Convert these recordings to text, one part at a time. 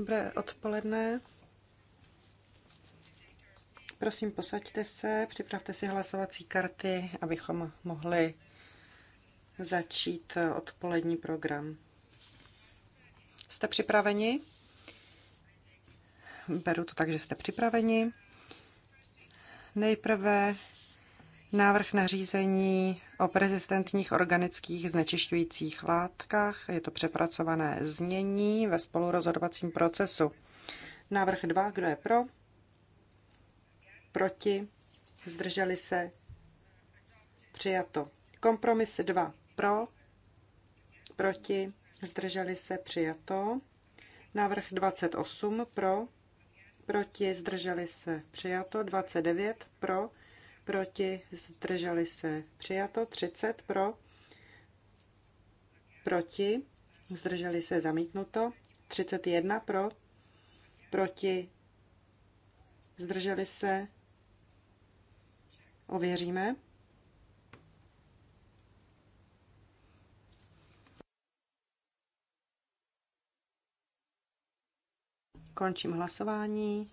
Dobré odpoledne. Prosím, posaďte se, připravte si hlasovací karty, abychom mohli začít odpolední program. Jste připraveni? Beru to tak, že jste připraveni. Nejprve návrh nařízení o prezistentních organických znečišťujících látkách. Je to přepracované znění ve spolurozhodovacím procesu. Návrh 2. Kdo je pro? Proti? Zdrželi se? Přijato. Kompromis 2. Pro? Proti? Zdrželi se? Přijato. Návrh 28. Pro? Proti? Zdrželi se? Přijato. 29. Pro? proti, zdrželi se přijato, 30 pro, proti, zdrželi se zamítnuto, 31 pro, proti, zdrželi se, ověříme. Končím hlasování.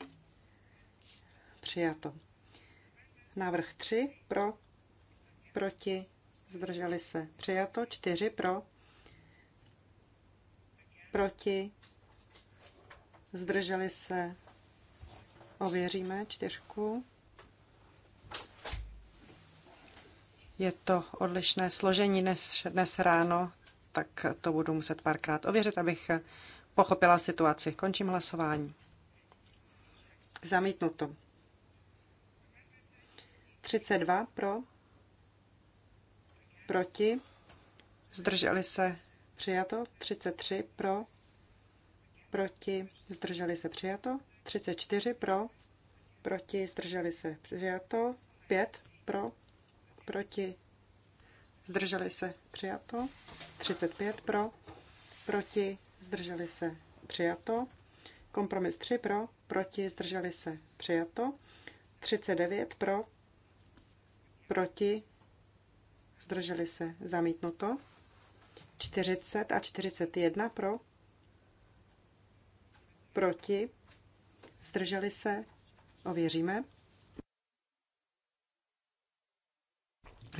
Přijato. Návrh 3 pro, proti, zdrželi se. Přijato 4 pro, proti, zdrželi se. Ověříme čtyřku. Je to odlišné složení dnes, dnes ráno, tak to budu muset párkrát ověřit, abych pochopila situaci. Končím hlasování. Zamítnuto. 32 pro, proti, zdrželi se přijato, 33 pro, proti, zdrželi se přijato, 34 pro, proti, zdrželi se přijato, 5 pro, proti, zdrželi se přijato, 35 pro, proti, zdrželi se přijato, kompromis 3 pro, proti, zdrželi se přijato, 39 pro, proti, zdrželi se, zamítnuto. 40 a 41 pro, proti, zdrželi se, ověříme.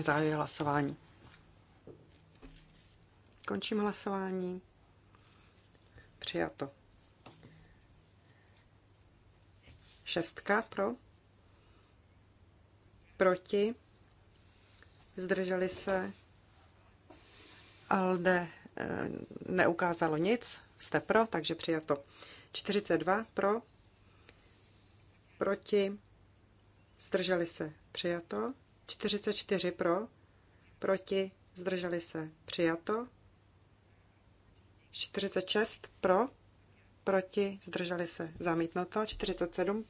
Zahajuji hlasování. Končím hlasování. Přijato. Šestka pro. Proti zdrželi se. Alde eh, neukázalo nic, jste pro, takže přijato. 42 pro, proti, zdrželi se, přijato. 44 pro, proti, zdrželi se, přijato. 46 pro, proti, zdrželi se, zamítnuto. 47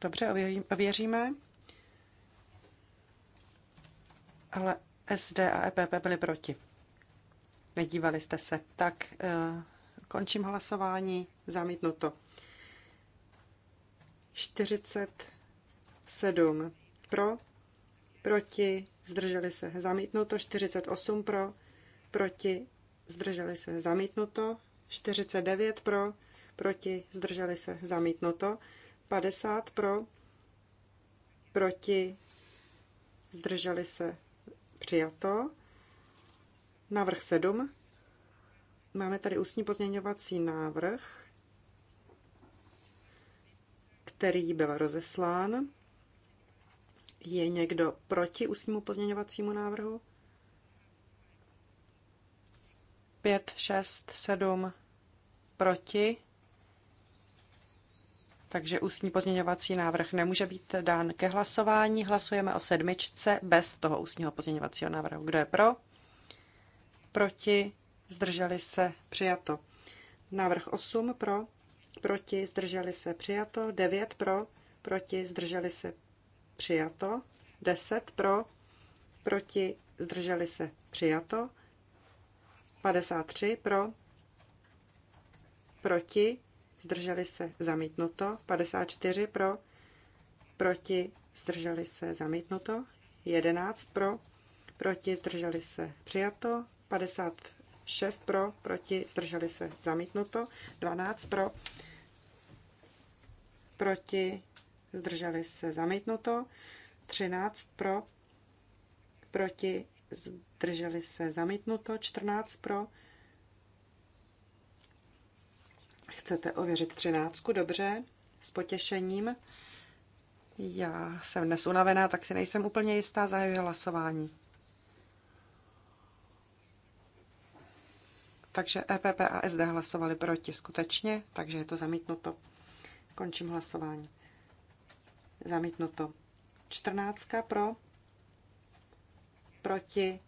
Dobře, ověříme. ale SD a EPP byli proti. Nedívali jste se. Tak eh, končím hlasování. Zamítnuto. 47 pro, proti, zdrželi se. Zamítnuto. 48 pro, proti, zdrželi se. Zamítnuto. 49 pro, proti, zdrželi se. Zamítnuto. 50 pro, proti, zdrželi se. Přijato. Návrh 7. Máme tady ústní pozměňovací návrh, který byl rozeslán. Je někdo proti ústnímu pozměňovacímu návrhu? 5, 6, 7 proti takže ústní pozměňovací návrh nemůže být dán ke hlasování. Hlasujeme o sedmičce bez toho ústního pozměňovacího návrhu. Kdo je pro? Proti? Zdrželi se? Přijato. Návrh 8 pro? Proti? Zdrželi se? Přijato. 9 pro? Proti? Zdrželi se? Přijato. 10 pro? Proti? Zdrželi se? Přijato. 53 pro? Proti? zdrželi se, zamítnuto. 54 pro, proti, zdrželi se, zamítnuto. 11 pro, proti, zdrželi se, přijato. 56 pro, proti, zdrželi se, zamítnuto. 12 pro, proti, zdrželi se, zamítnuto. 13 pro, proti, zdrželi se, zamítnuto. 14 pro, Chcete ověřit třináctku? Dobře, s potěšením. Já jsem dnes unavená, tak si nejsem úplně jistá, zahajuji hlasování. Takže EPP a SD hlasovali proti skutečně, takže je to zamítnuto. Končím hlasování. Zamítnuto. 14 pro, proti,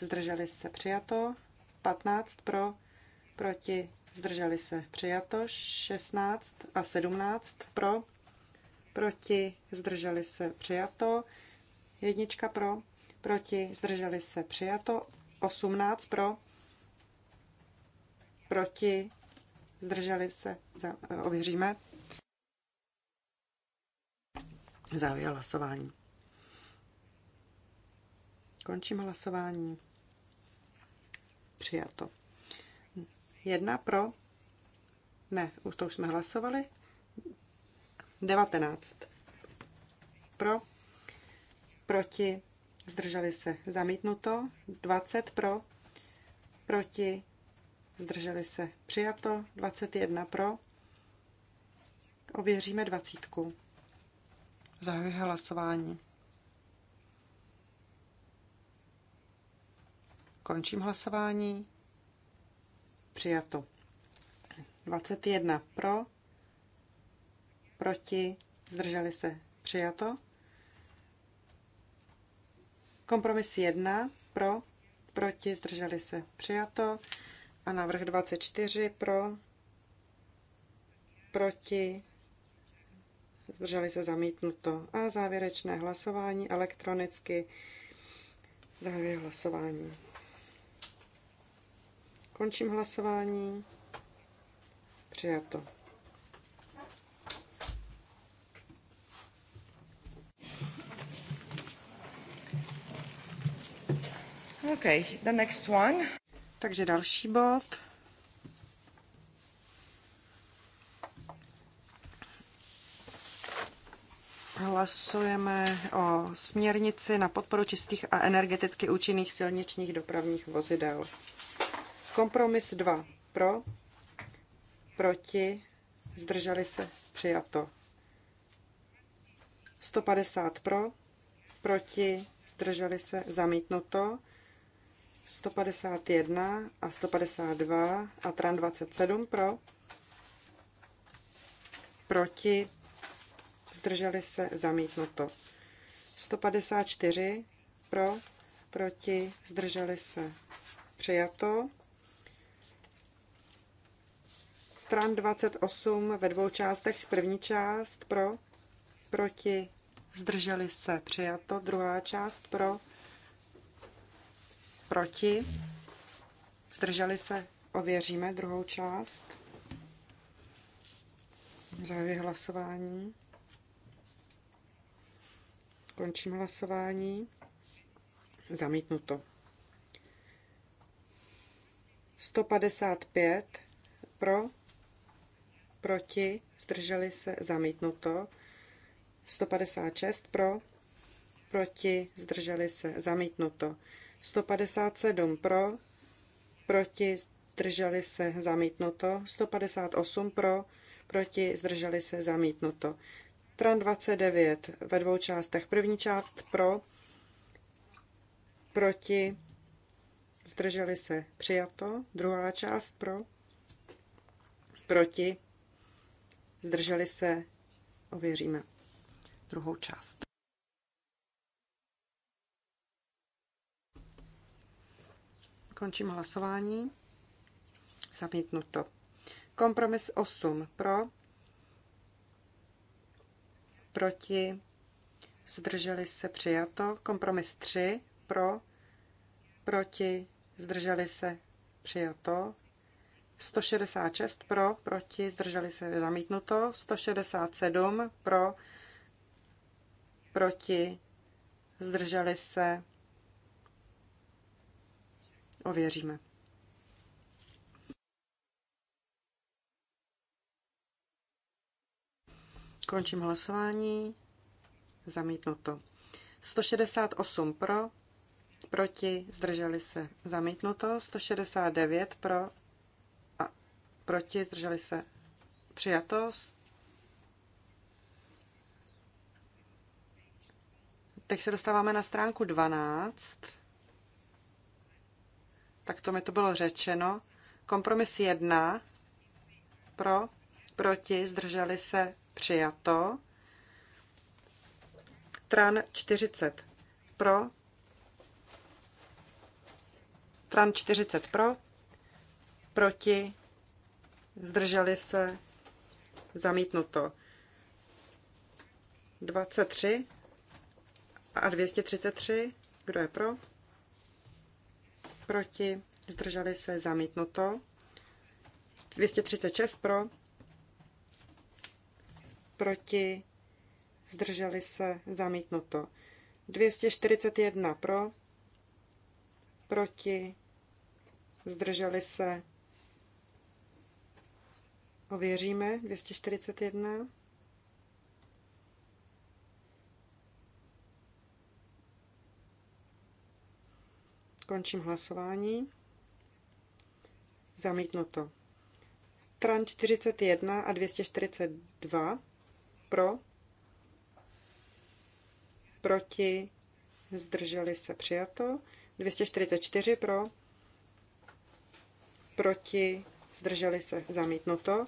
zdrželi se přijato, 15 pro, proti, zdrželi se přijato, 16 a 17 pro, proti, zdrželi se přijato, jednička pro, proti, zdrželi se přijato, 18 pro, proti, zdrželi se, za, ověříme. Závěr hlasování. Končím hlasování. Přijato. 1 pro. Ne, už to už jsme hlasovali. 19 pro. Proti. Zdrželi se. Zamítnuto. 20 pro. Proti. Zdrželi se. Přijato. 21 pro. Ověříme 20. Zahajuji hlasování. Končím hlasování. Přijato. 21 pro, proti, zdrželi se. Přijato. Kompromis 1 pro, proti, zdrželi se. Přijato. A návrh 24 pro, proti, zdrželi se zamítnuto. A závěrečné hlasování elektronicky. Závěr hlasování. Končím hlasování. Přijato. Okay, the next one. Takže další bod. Hlasujeme o směrnici na podporu čistých a energeticky účinných silničních dopravních vozidel. Kompromis 2 pro, proti, zdrželi se, přijato. 150 pro, proti, zdrželi se, zamítnuto. 151 a 152 a tran 27 pro, proti, zdrželi se, zamítnuto. 154 pro, proti, zdrželi se, přijato. stran 28 ve dvou částech. První část pro, proti, zdrželi se, přijato. Druhá část pro, proti, zdrželi se, ověříme druhou část. Zahajuji hlasování. Končím hlasování. Zamítnuto. 155 pro, proti, zdrželi se, zamítnuto. 156 pro, proti, zdrželi se, zamítnuto. 157 pro, proti, zdrželi se, zamítnuto. 158 pro, proti, zdrželi se, zamítnuto. Tran 29 ve dvou částech. První část pro, proti, zdrželi se, přijato. Druhá část pro, proti, zdrželi se, ověříme druhou část. Končím hlasování. Zamítnuto. Kompromis 8 pro, proti, zdrželi se přijato. Kompromis 3 pro, proti, zdrželi se přijato. 166 pro, proti, zdrželi se zamítnuto. 167 pro, proti, zdrželi se. Ověříme. Končím hlasování. Zamítnuto. 168 pro, proti, zdrželi se. Zamítnuto. 169 pro, proti, zdrželi se přijatost. Teď se dostáváme na stránku 12. Tak to mi to bylo řečeno. Kompromis 1 pro, proti, zdrželi se přijato. Tran 40 pro, Tran 40 pro, proti, zdrželi se, zamítnuto. 23 a 233, kdo je pro? Proti, zdrželi se, zamítnuto. 236 pro, proti, zdrželi se, zamítnuto. 241 pro, proti, zdrželi se, Ověříme 241. Končím hlasování. Zamítnuto. Tran 41 a 242 pro, proti, zdrželi se přijato. 244 pro, proti, zdrželi se zamítnuto.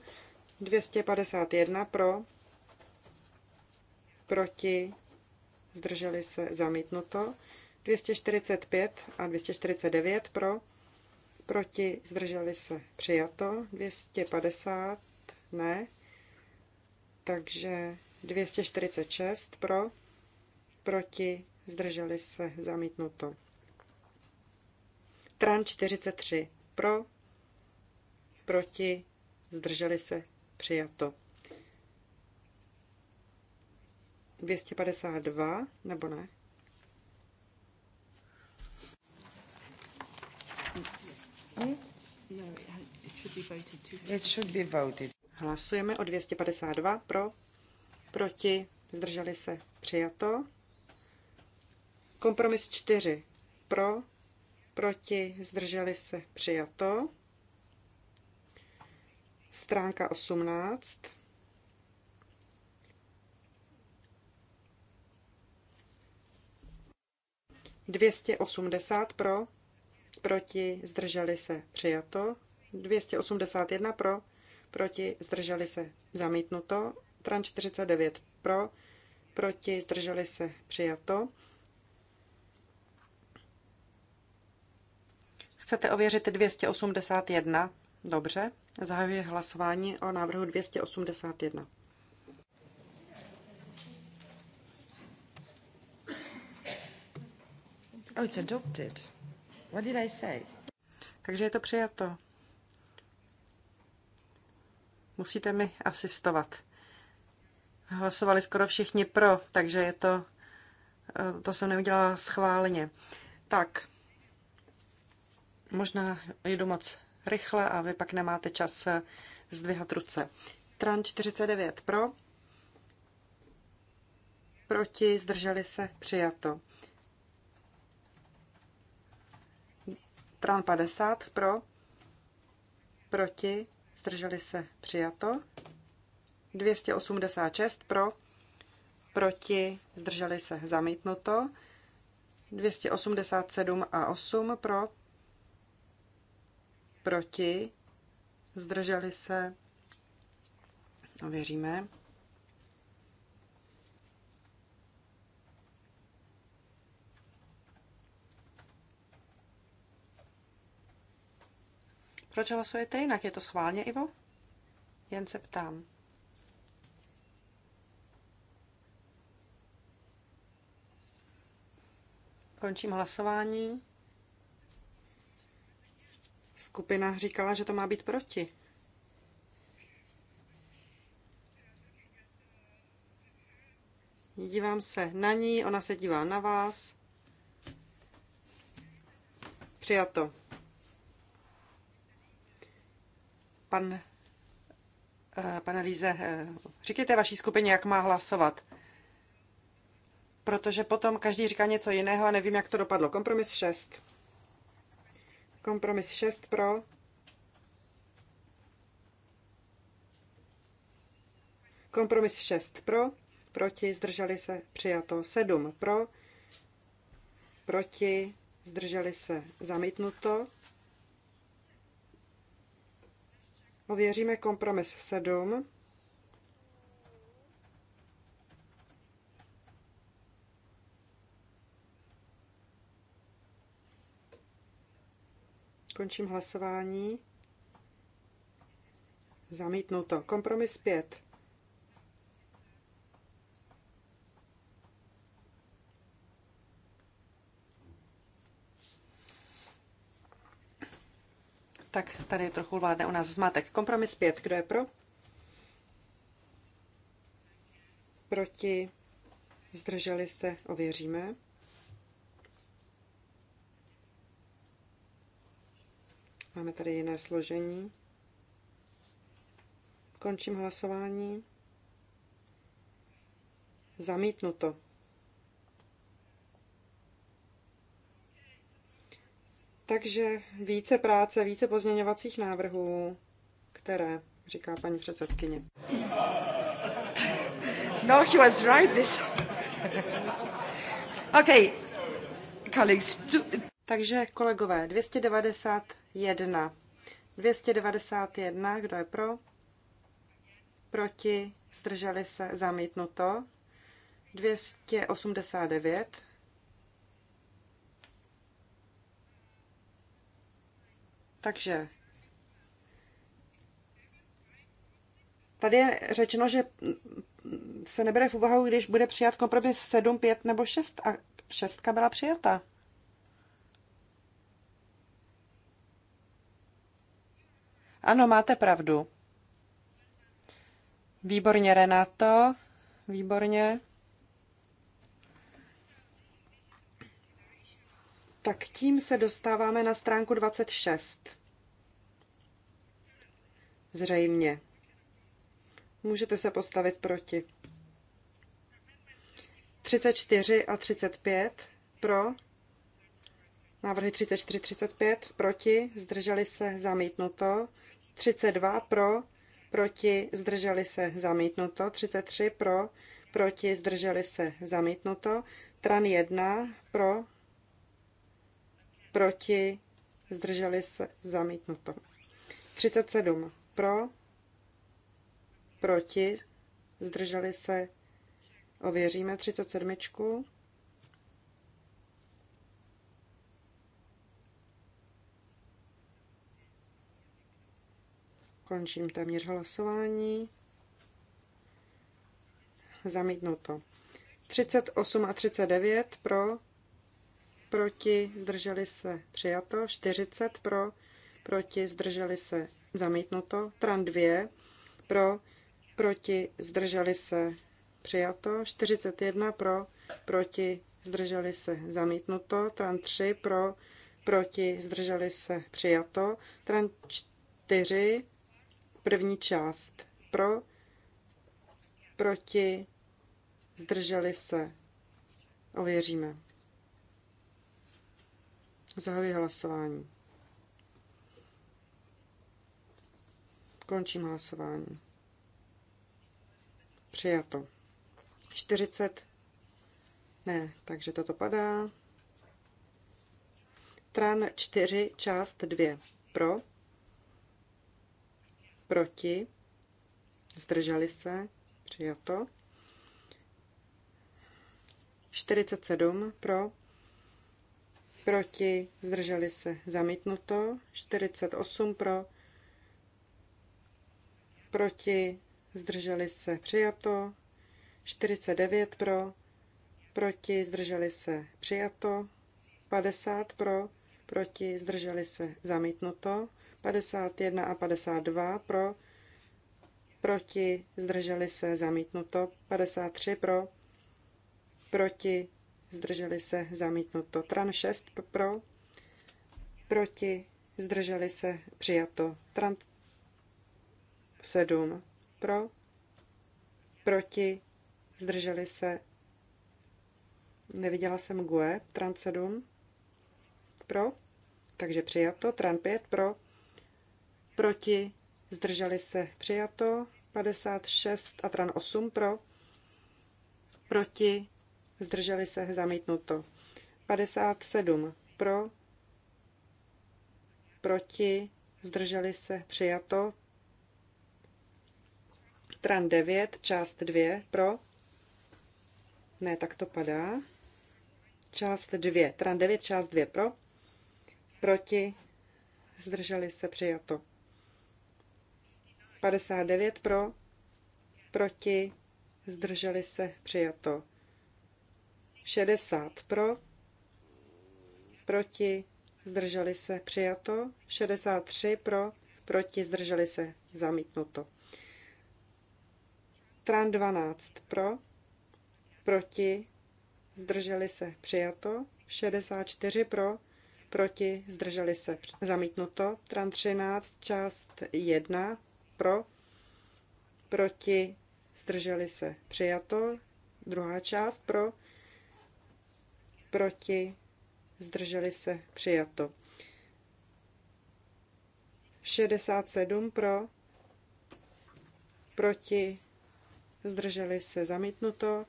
251 pro, proti, zdrželi se zamítnuto. 245 a 249 pro, proti, zdrželi se přijato. 250 ne, takže 246 pro, proti, zdrželi se zamítnuto. Tran 43 pro, proti, zdrželi se, přijato. 252, nebo ne? It should be voted. Hlasujeme o 252 pro, proti, zdrželi se, přijato. Kompromis 4 pro, proti, zdrželi se, přijato stránka 18. Dvěstě osmdesát pro, proti, zdrželi se, přijato. dvěstě osmdesát jedna pro, proti, zdrželi se, zamítnuto. Tran 49 pro, proti, zdrželi se, přijato. Chcete ověřit 281? Dobře. Zahajuji hlasování o návrhu 281. Oh, it's adopted. What did I say? Takže je to přijato. Musíte mi asistovat. Hlasovali skoro všichni pro, takže je to, eh, to jsem neudělala schválně. Tak, možná jdu moc rychle a vy pak nemáte čas zdvihat ruce. Tran 49 pro, proti, zdrželi se, přijato. Tran 50 pro, proti, zdrželi se, přijato. 286 pro, proti, zdrželi se, zamítnuto. 287 a 8 pro, proti, zdrželi se, ověříme. Proč hlasujete jinak? Je to schválně, Ivo? Jen se ptám. Končím hlasování skupina říkala, že to má být proti. Dívám se na ní, ona se dívá na vás. Přijato. Pan, eh, pane Líze, eh, říkejte vaší skupině, jak má hlasovat. Protože potom každý říká něco jiného a nevím, jak to dopadlo. Kompromis 6. Kompromis 6 pro. Kompromis 6 pro. Proti zdrželi se přijato 7 pro. Proti zdrželi se zamítnuto. Ověříme kompromis 7. Končím hlasování. Zamítnuto. Kompromis 5. Tak tady trochu vládne u nás zmatek. Kompromis 5. Kdo je pro? Proti? Zdrželi se? Ověříme. Máme tady jiné složení. Končím hlasování. Zamítnuto. Takže více práce, více pozměňovacích návrhů, které, říká paní předsedkyně. No, he was right this. okay, colleagues. Takže kolegové, 290 1. 291, kdo je pro? Proti, zdrželi se, zamítnuto. 289. Takže tady je řečeno, že se nebere v úvahu, když bude přijat kompromis 7, 5 nebo 6 a šestka byla přijata. Ano, máte pravdu. Výborně, Renato. Výborně. Tak tím se dostáváme na stránku 26. Zřejmě. Můžete se postavit proti. 34 a 35 pro. Návrhy 34, 35 proti. Zdrželi se zamítnuto. 32 pro, proti, zdrželi se, zamítnuto. 33 pro, proti, zdrželi se, zamítnuto. Tran 1 pro, proti, zdrželi se, zamítnuto. 37 pro, proti, zdrželi se, ověříme 37. Končím téměř hlasování. Zamítnuto. 38 a 39 pro, proti, zdrželi se, přijato. 40 pro, proti, zdrželi se, zamítnuto. Tran 2 pro, proti, zdrželi se, přijato. 41 pro, proti, zdrželi se, zamítnuto. Tran 3 pro, proti, zdrželi se, přijato. Tran 4 První část pro, proti, zdrželi se. Ověříme. Zahajuji hlasování. Končím hlasování. Přijato. 40. Ne, takže toto padá. Tran 4, část 2. Pro proti, zdrželi se, přijato. 47 pro, proti, zdrželi se, zamítnuto. 48 pro, proti, zdrželi se, přijato. 49 pro, proti, zdrželi se, přijato. 50 pro, proti, zdrželi se, zamítnuto. 51 a 52 pro, proti, zdrželi se, zamítnuto, 53 pro, proti, zdrželi se, zamítnuto, tran 6 pro, proti, zdrželi se, přijato, tran 7 pro, proti, zdrželi se, neviděla jsem GUE, tran 7 pro, takže přijato, tran 5 pro, proti, zdrželi se přijato, 56 a tran 8 pro, proti, zdrželi se zamítnuto, 57 pro, proti, zdrželi se přijato, tran 9, část 2 pro, ne, tak to padá, část 2, tran 9, část 2 pro, proti, zdrželi se přijato. 59 pro, proti, zdrželi se, přijato. 60 pro, proti, zdrželi se, přijato. 63 pro, proti, zdrželi se, zamítnuto. Tran 12 pro, proti, zdrželi se, přijato. 64 pro, proti, zdrželi se, zamítnuto. Tran 13, část 1, pro, proti, zdrželi se, přijato. Druhá část pro, proti, zdrželi se, přijato. 67 pro, proti, zdrželi se, zamítnuto.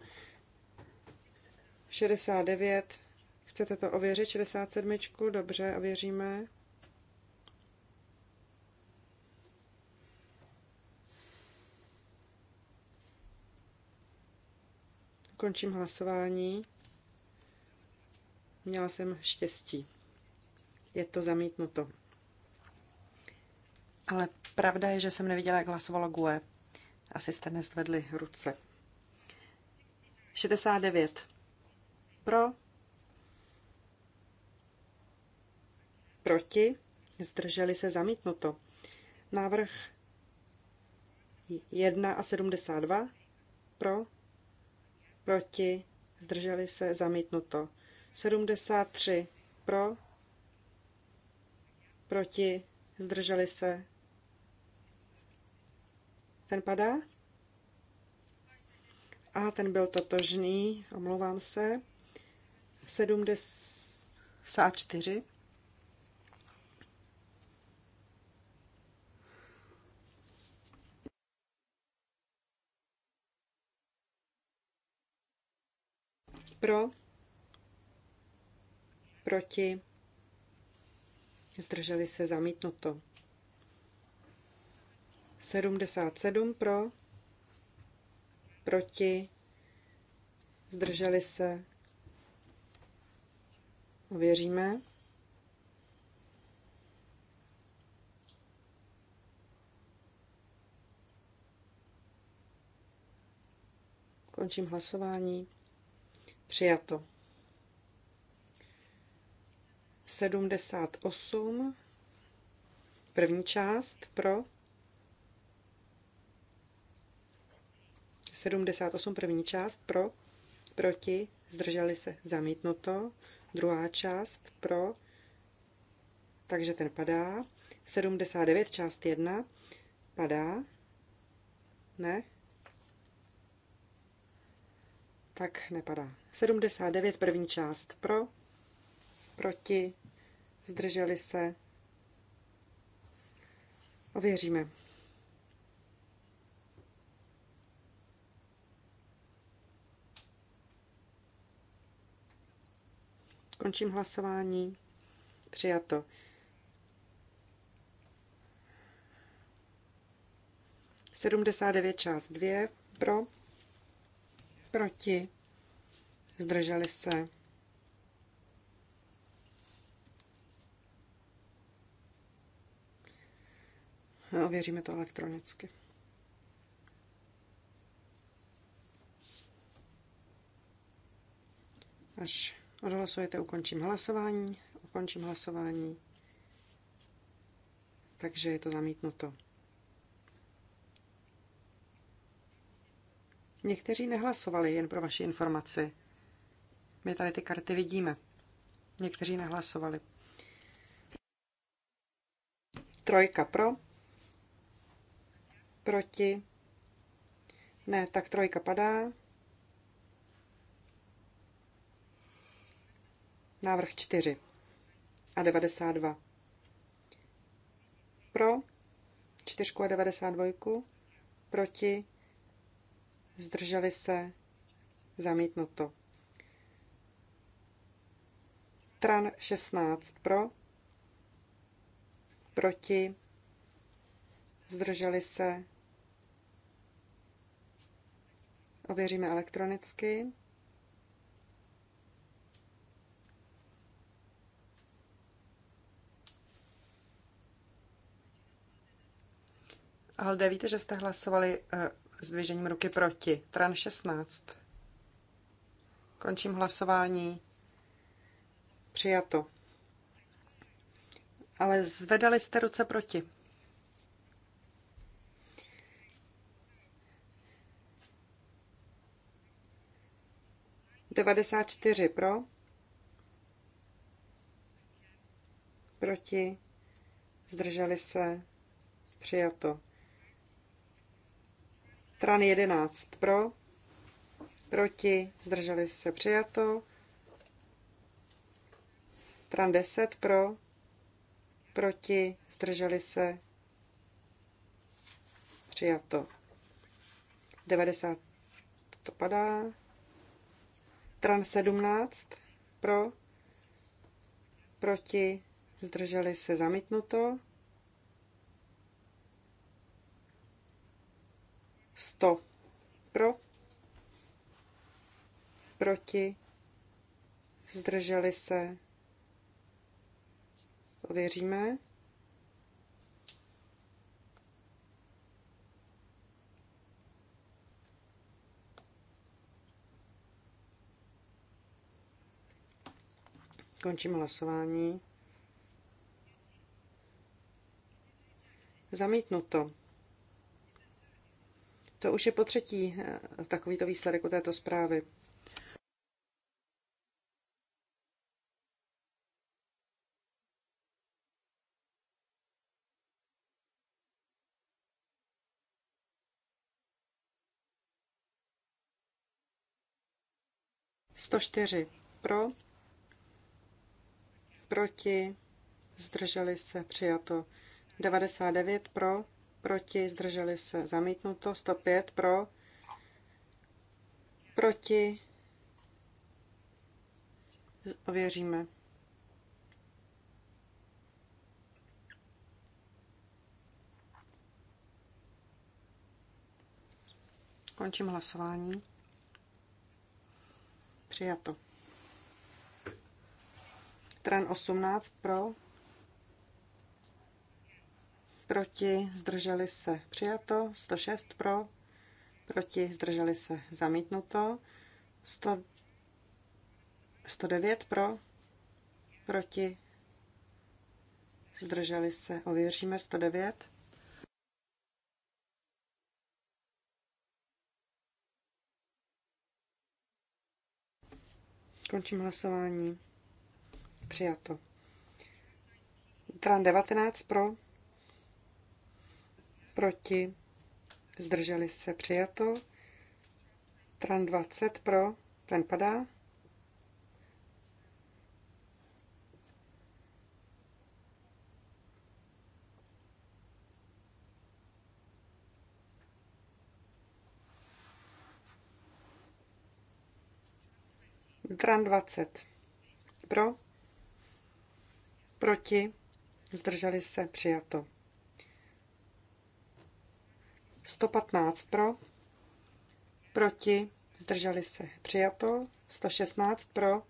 69, chcete to ověřit, 67, dobře, ověříme. Končím hlasování. Měla jsem štěstí. Je to zamítnuto. Ale pravda je, že jsem neviděla, jak hlasovalo GUE. Asi jste nezvedli ruce. 69. Pro. Proti. Zdrželi se zamítnuto. Návrh 1 a 72. Pro proti, zdrželi se, zamítnuto. 73 pro, proti, zdrželi se. Ten padá? A ten byl totožný, omlouvám se. 74 Pro? Proti? Zdrželi se zamítnuto. 77 pro? Proti? Zdrželi se? Ověříme. Končím hlasování. Přijato. 78. První část pro. 78. První část pro. Proti. Zdrželi se. Zamítnuto. Druhá část pro. Takže ten padá. 79. Část 1 padá. Ne? tak nepadá. 79 první část pro, proti, zdrželi se. Ověříme. Končím hlasování. Přijato. Sedmdesát devět část dvě pro Proti? Zdrželi se? No, ověříme to elektronicky. Až odhlasujete, ukončím hlasování. Ukončím hlasování. Takže je to zamítnuto. Někteří nehlasovali, jen pro vaši informaci. My tady ty karty vidíme. Někteří nehlasovali. Trojka pro. Proti. Ne, tak trojka padá. Návrh 4 a 92. Pro čtyřku a 92. Proti zdrželi se, zamítnuto. Tran 16 pro, proti, zdrželi se, ověříme elektronicky. Alde, víte, že jste hlasovali eh, zdvižením ruky proti. Tran 16. Končím hlasování. Přijato. Ale zvedali jste ruce proti. Devadesát čtyři pro. Proti. Zdrželi se. Přijato. Tran 11 pro, proti, zdrželi se přijato. Tran 10 pro, proti, zdrželi se přijato. 90 to padá. Tran 17 pro, proti, zdrželi se zamítnuto. 100 pro, proti, zdrželi se, ověříme. Končím hlasování. Zamítnuto. To už je po třetí eh, takovýto výsledek u této zprávy. Sto čtyři pro, proti, zdrželi se, přijato. 99 pro, proti, zdrželi se, zamítnuto, 105 pro, proti, ověříme. Končím hlasování. Přijato. Tren 18 pro, proti, zdrželi se přijato, 106 pro, proti, zdrželi se zamítnuto, 100, 109 pro, proti, zdrželi se, ověříme 109. Končím hlasování. Přijato. Tran 19 pro proti, zdrželi se přijato. Tran 20 pro, ten padá. Tran 20 pro, proti, zdrželi se přijato. 115 pro, proti, zdrželi se přijato, 116 pro,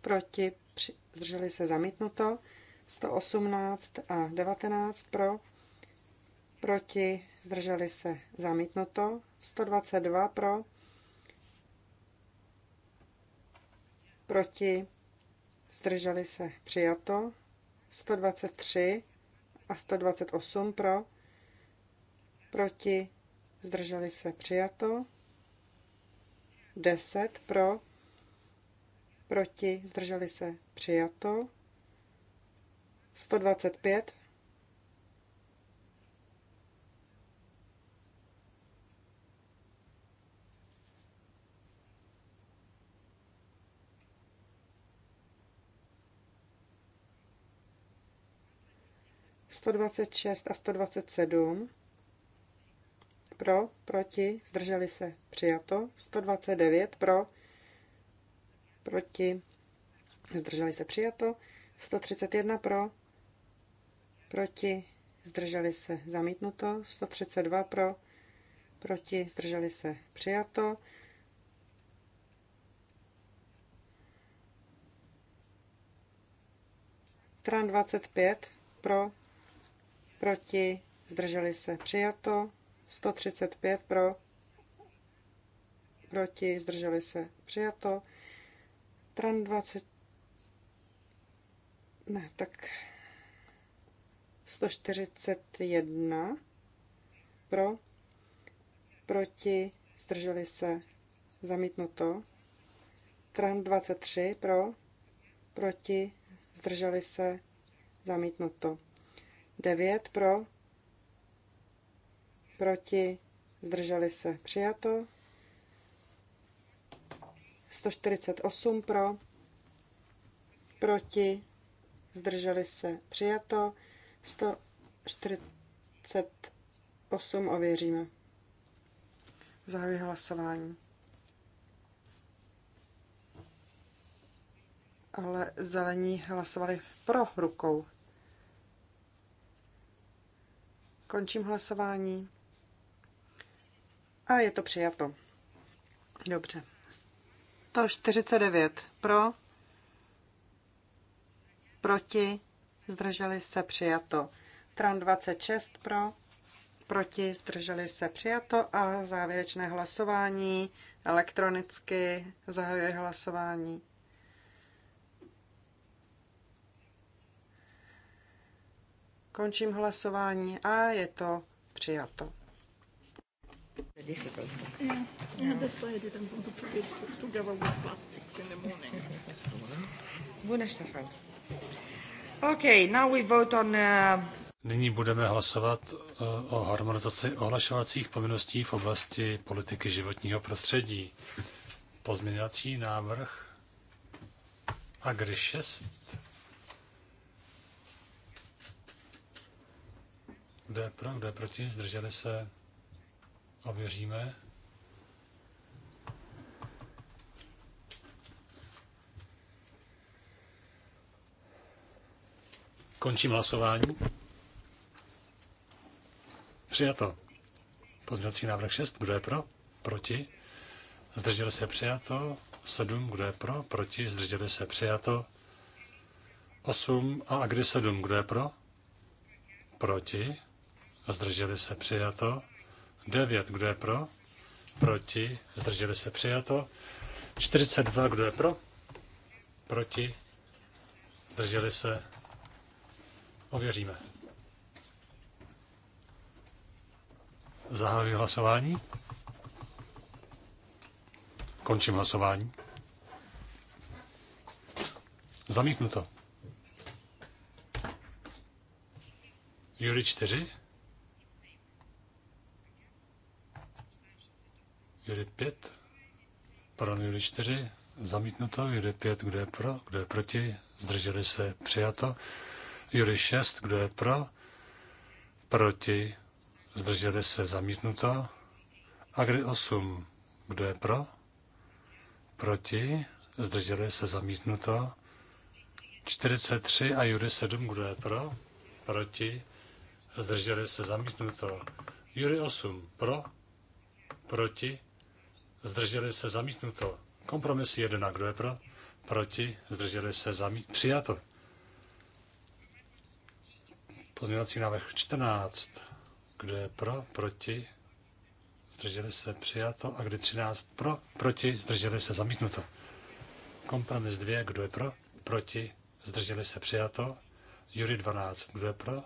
proti, při, zdrželi se zamítnuto, 118 a 19 pro, proti, zdrželi se zamítnuto, 122 pro, proti, zdrželi se přijato, 123 a 128 pro, proti, zdrželi se přijato. 10 pro, proti, zdrželi se přijato. 125 126 a 127 pro, proti, zdrželi se, přijato. 129 pro, proti, zdrželi se, přijato. 131 pro, proti, zdrželi se, zamítnuto. 132 pro, proti, zdrželi se, přijato. Tran 25 pro, proti, zdrželi se, přijato. 135 pro, proti, zdrželi se, přijato. Tran 20, ne, tak 141 pro, proti, zdrželi se, zamítnuto. Tran 23 pro, proti, zdrželi se, zamítnuto. 9 pro, proti, zdrželi se, přijato. 148 pro, proti, zdrželi se, přijato. 148 ověříme. Zahajuji hlasování. Ale zelení hlasovali pro rukou. Končím hlasování. A je to přijato. Dobře. 149 pro, proti, zdrželi se přijato. Tran 26 pro, proti, zdrželi se přijato a závěrečné hlasování elektronicky zahajuje hlasování. Končím hlasování a je to přijato difficult. Yeah, yeah, that's why I didn't want to put it together with plastics in the morning. Stefan. Okay, now we vote on... Uh, Nyní budeme hlasovat uh, o harmonizaci ohlašovacích povinností v oblasti politiky životního prostředí. Pozměňovací návrh Agri 6. Kdo je pro, kdo je proti, zdrželi se a věříme, Končím hlasování. Přijato. Pozměňovací návrh 6. Kdo je pro? Proti? Zdrželi se přijato. 7. Kdo je pro? Proti? Zdrželi se přijato. 8. A kdy 7. Kdo je pro? Proti? Zdrželi se přijato. 9, kdo je pro? Proti? Zdrželi se přijato. 42, kdo je pro? Proti? Zdrželi se? Ověříme. Zahajuji hlasování. Končím hlasování. Zamítnuto. Jury 4. Jury 5, pardon, Jury 4, zamítnuto, Jury 5, kdo je pro, kdo je proti, zdrželi se, přijato, Jury 6, kdo je pro, proti, zdrželi se, zamítnuto, a kdy 8, kdo je pro, proti, zdrželi se, zamítnuto, 43 a Jury 7, kdo je pro, proti, zdrželi se, zamítnuto, Jury 8, pro, proti, zdrželi se zamítnuto. Kompromis jedna, kdo je pro, proti, zdrželi se zamít, přijato. Pozměňovací návrh 14, kdo je pro, proti, zdrželi se přijato a kdy 13 pro, proti, zdrželi se zamítnuto. Kompromis 2, kdo je pro, proti, zdrželi se přijato. Jury 12, kdo je pro,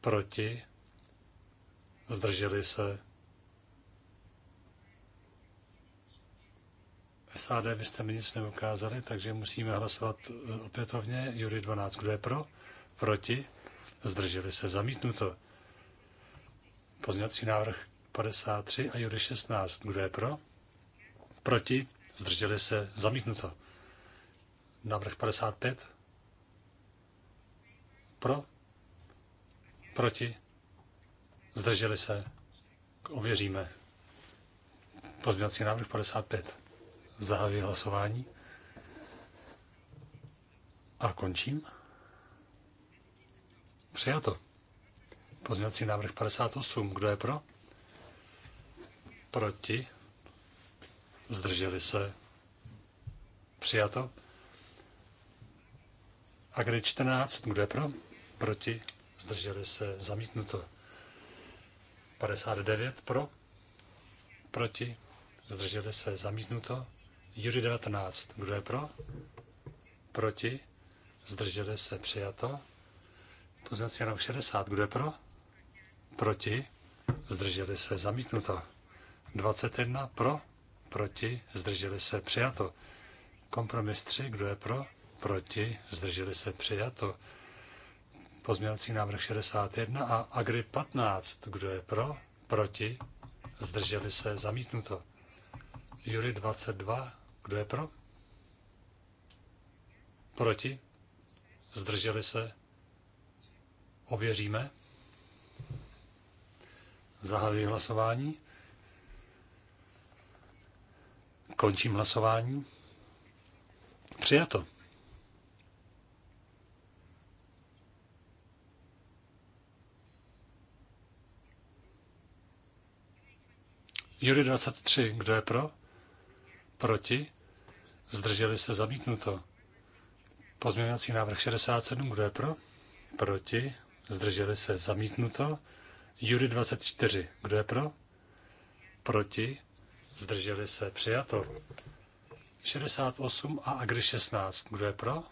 proti, zdrželi se SAD byste mi nic neukázali, takže musíme hlasovat eh, opětovně. Jury 12, kdo je pro? Proti? Zdrželi se zamítnuto. Pozměňovací návrh 53 a Jury 16, kdo je pro? Proti? Zdrželi se zamítnuto. Návrh 55? Pro? Proti? Zdrželi se? Ověříme. Pozměňovací návrh 55. Zahajuji hlasování. A končím. Přijato. Pozměňovací návrh 58. Kdo je pro? Proti? Zdrželi se? Přijato. A kde 14? Kdo je pro? Proti? Zdrželi se? Zamítnuto. 59 pro? Proti? Zdrželi se? Zamítnuto. Jiří 19. Kdo je pro? Proti? Zdrželi se přijato. Pozvací rok 60. Kdo je pro? Proti? Zdrželi se zamítnuto. 21. Pro? Proti? Zdrželi se přijato. Kompromis 3. Kdo je pro? Proti? Zdrželi se přijato. Pozměňovací návrh 61 a Agri 15. Kdo je pro? Proti? Zdrželi se zamítnuto. Jury 22 kdo je pro? Proti? Zdrželi se? Ověříme? Zahajuji hlasování. Končím hlasování. Přijato. Jury 23, kdo je pro? Proti? Zdrželi se zamítnuto. Pozměňovací návrh 67, kdo je pro? Proti? Zdrželi se zamítnuto. Jury 24, kdo je pro? Proti? Zdrželi se přijato. 68 a Agri 16, kdo je pro?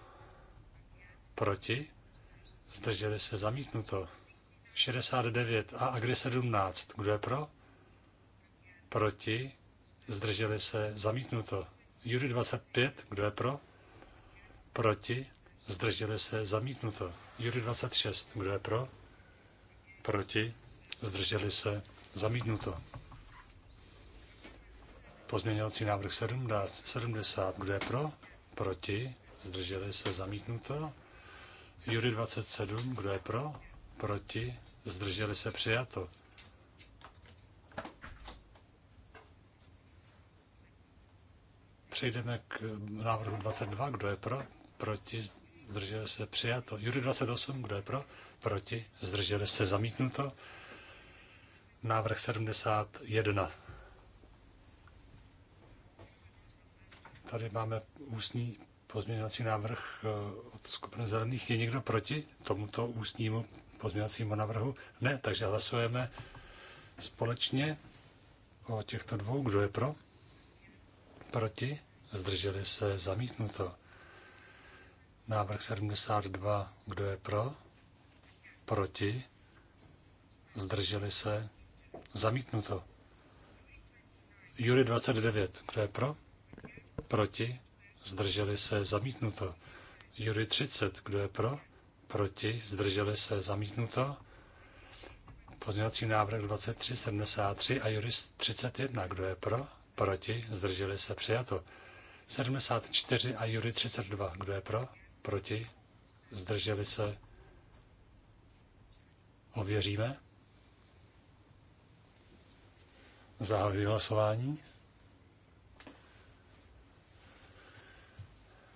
Proti? Zdrželi se zamítnuto. 69 a Agri 17, kdo je pro? Proti? zdrželi se, zamítnuto. Jury 25, kdo je pro? Proti, zdrželi se, zamítnuto. Jury 26, kdo je pro? Proti, zdrželi se, zamítnuto. Pozměňovací návrh 70, kdo je pro? Proti, zdrželi se, zamítnuto. Jury 27, kdo je pro? Proti, zdrželi se, přijato. Přejdeme k eh, návrhu 22. Kdo je pro? Proti? Zdrželi se? Přijato. Jury 28. Kdo je pro? Proti? Zdrželi se? Zamítnuto. Návrh 71. Tady máme ústní pozměňovací návrh eh, od skupiny zelených. Je někdo proti tomuto ústnímu pozměňovacímu návrhu? Ne, takže hlasujeme společně o těchto dvou. Kdo je pro? Proti? zdrželi se, zamítnuto. Návrh 72, kdo je pro, proti, zdrželi se, zamítnuto. Jury 29, kdo je pro, proti, zdrželi se, zamítnuto. Jury 30, kdo je pro, proti, zdrželi se, zamítnuto. Pozměňovací návrh 2373 a Juris 31. Kdo je pro? Proti? Zdrželi se? Přijato. 74 a Jury 32. Kdo je pro? Proti? Zdrželi se? Ověříme? Zahajuji hlasování.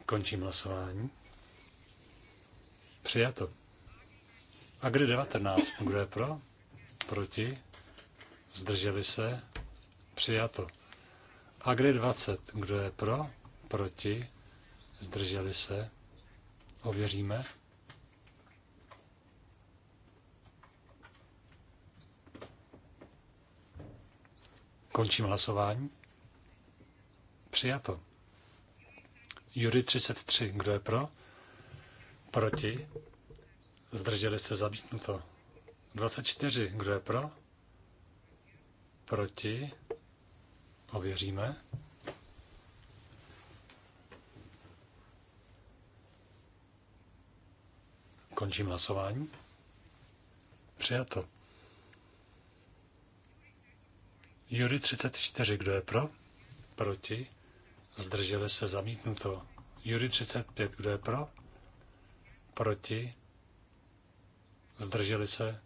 Končím hlasování. Přijato. A 19? Kdo je pro? Proti? Zdrželi se? Přijato. Agri 20. Kdo je pro? Proti? Zdrželi se? Ověříme. Končím hlasování. Přijato. Jury 33. Kdo je pro? Proti? Zdrželi se zabítnuto. 24. Kdo je pro? Proti? věříme. Končím hlasování. Přijato. Jury 34, kdo je pro? Proti? Zdrželi se zamítnuto. Jury 35, kdo je pro? Proti? Zdrželi se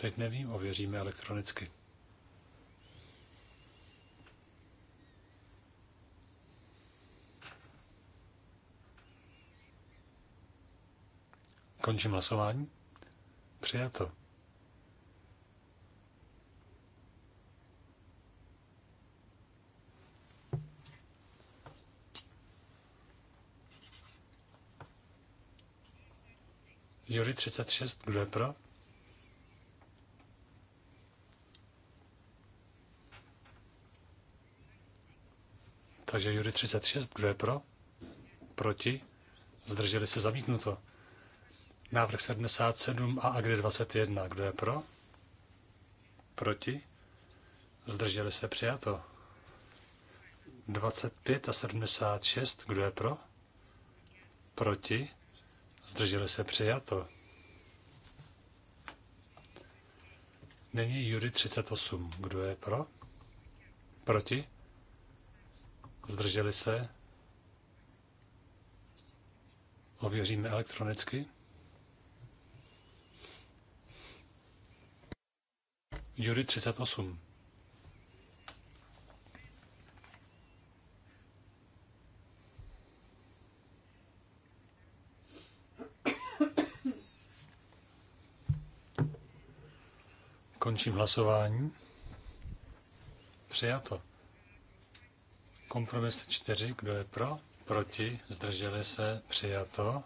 Teď nevím, ověříme elektronicky. Končím hlasování. Přijato. Jury 36, kdo je pro? Takže Jury 36, kdo je pro? Proti? Zdrželi se zamítnuto. Návrh 77 a Agri 21, kdo je pro? Proti? Zdrželi se přijato. 25 a 76, kdo je pro? Proti? Zdrželi se přijato. Není Jury 38, kdo je pro? Proti? Zdrželi se? Ověříme elektronicky. Jury 38. Končím hlasování. Přijato. Kompromis 4, kdo je pro? Proti? Zdrželi se? Přijato.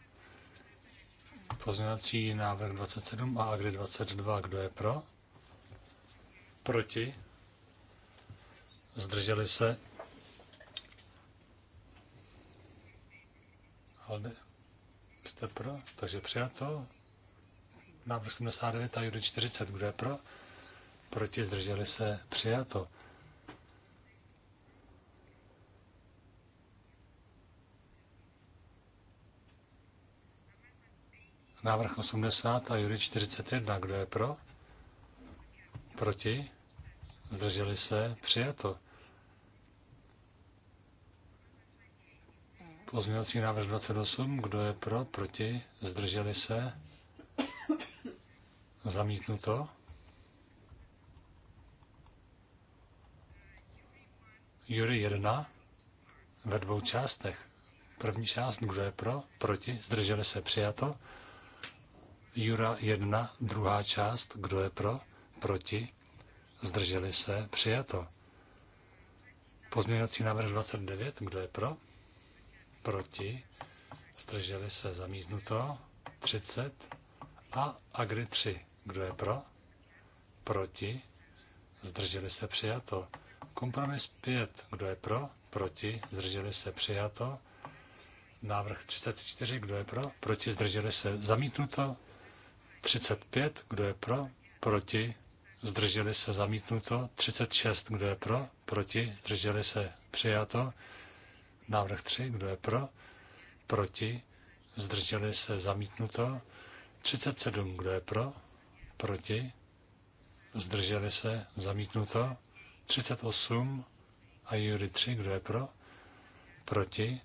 Pozměňovací návrh 27 a agri 22, kdo je pro? Proti? Zdrželi se? Alde, jste pro? Takže přijato. Návrh 79 a Judy 40, kdo je pro? Proti? Zdrželi se? Přijato. Návrh 80 a Jury 41. Kdo je pro? Proti? Zdrželi se? Přijato. Pozměňovací návrh 28. Kdo je pro? Proti? Zdrželi se? Zamítnuto. Jury 1 ve dvou částech. První část, kdo je pro, proti, zdrželi se, přijato. Jura 1, druhá část, kdo je pro, proti, zdrželi se, přijato. Pozměňovací návrh 29, kdo je pro, proti, zdrželi se, zamítnuto, 30 a Agri 3, kdo je pro, proti, zdrželi se, přijato. Kompromis 5, kdo je pro, proti, zdrželi se, přijato. Návrh 34, kdo je pro, proti, zdrželi se, zamítnuto. 35, kdo je pro, proti, zdrželi se zamítnuto, 36, kdo je pro, proti, zdrželi se přijato, návrh 3, kdo je pro, proti, zdrželi se zamítnuto, 37, kdo je pro, proti, zdrželi se zamítnuto, 38 a Jury 3, kdo je pro, proti,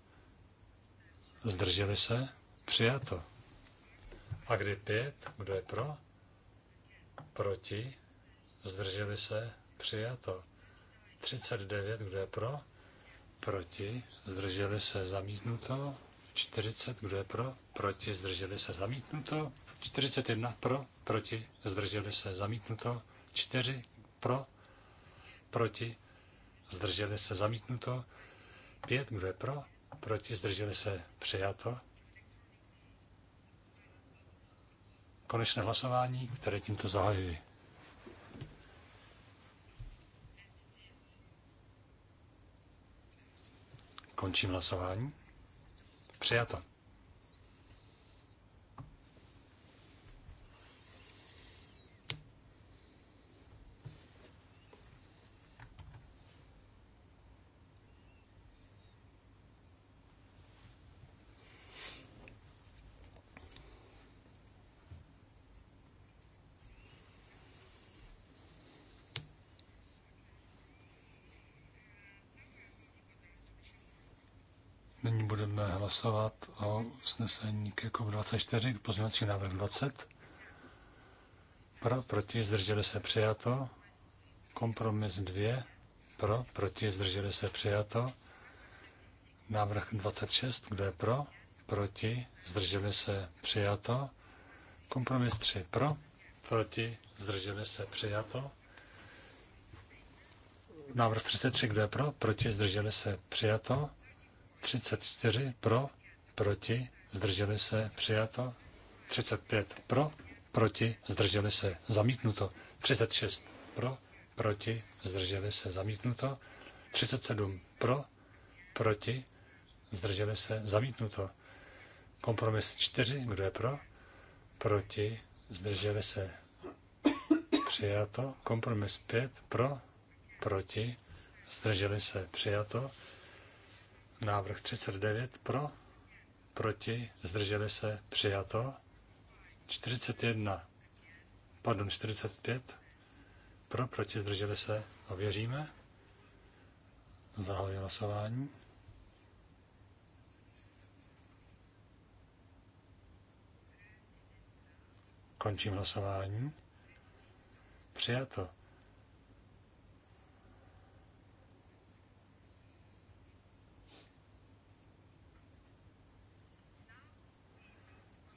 zdrželi se přijato. A kdy pět, kdo je pro? Proti? Zdrželi se? Přijato. 39, kdo je pro? Proti? Zdrželi se? Zamítnuto. 40, kdo je pro? Proti? Zdrželi se? Zamítnuto. 41 pro, proti, zdrželi se, zamítnuto. 4 pro, proti, zdrželi se, zamítnuto. 5, kdo je pro, proti, zdrželi se, přijato. konečné hlasování, které tímto zahajuji. Končím hlasování. Přijato. Nyní budeme hlasovat o usnesení jako 24, pozměňovací návrh 20. Pro, proti, zdrželi se přijato. Kompromis 2. Pro, proti, zdrželi se přijato. Návrh 26, kdo je pro? Proti, zdrželi se přijato. Kompromis 3 pro, proti, zdrželi se přijato. Návrh 33, kdo je pro? Proti, zdrželi se přijato. 34 pro, proti, zdrželi se, přijato. 35 pro, proti, zdrželi se, zamítnuto. 36 pro, proti, zdrželi se, zamítnuto. 37 pro, proti, zdrželi se, zamítnuto. Kompromis 4, kdo je pro, proti, zdrželi se, přijato. Kompromis 5 pro, proti, zdrželi se, přijato. Návrh 39 pro, proti, zdrželi se, přijato. 41, pardon, 45 pro, proti, zdrželi se, ověříme. Zahajuji hlasování. Končím hlasování. Přijato.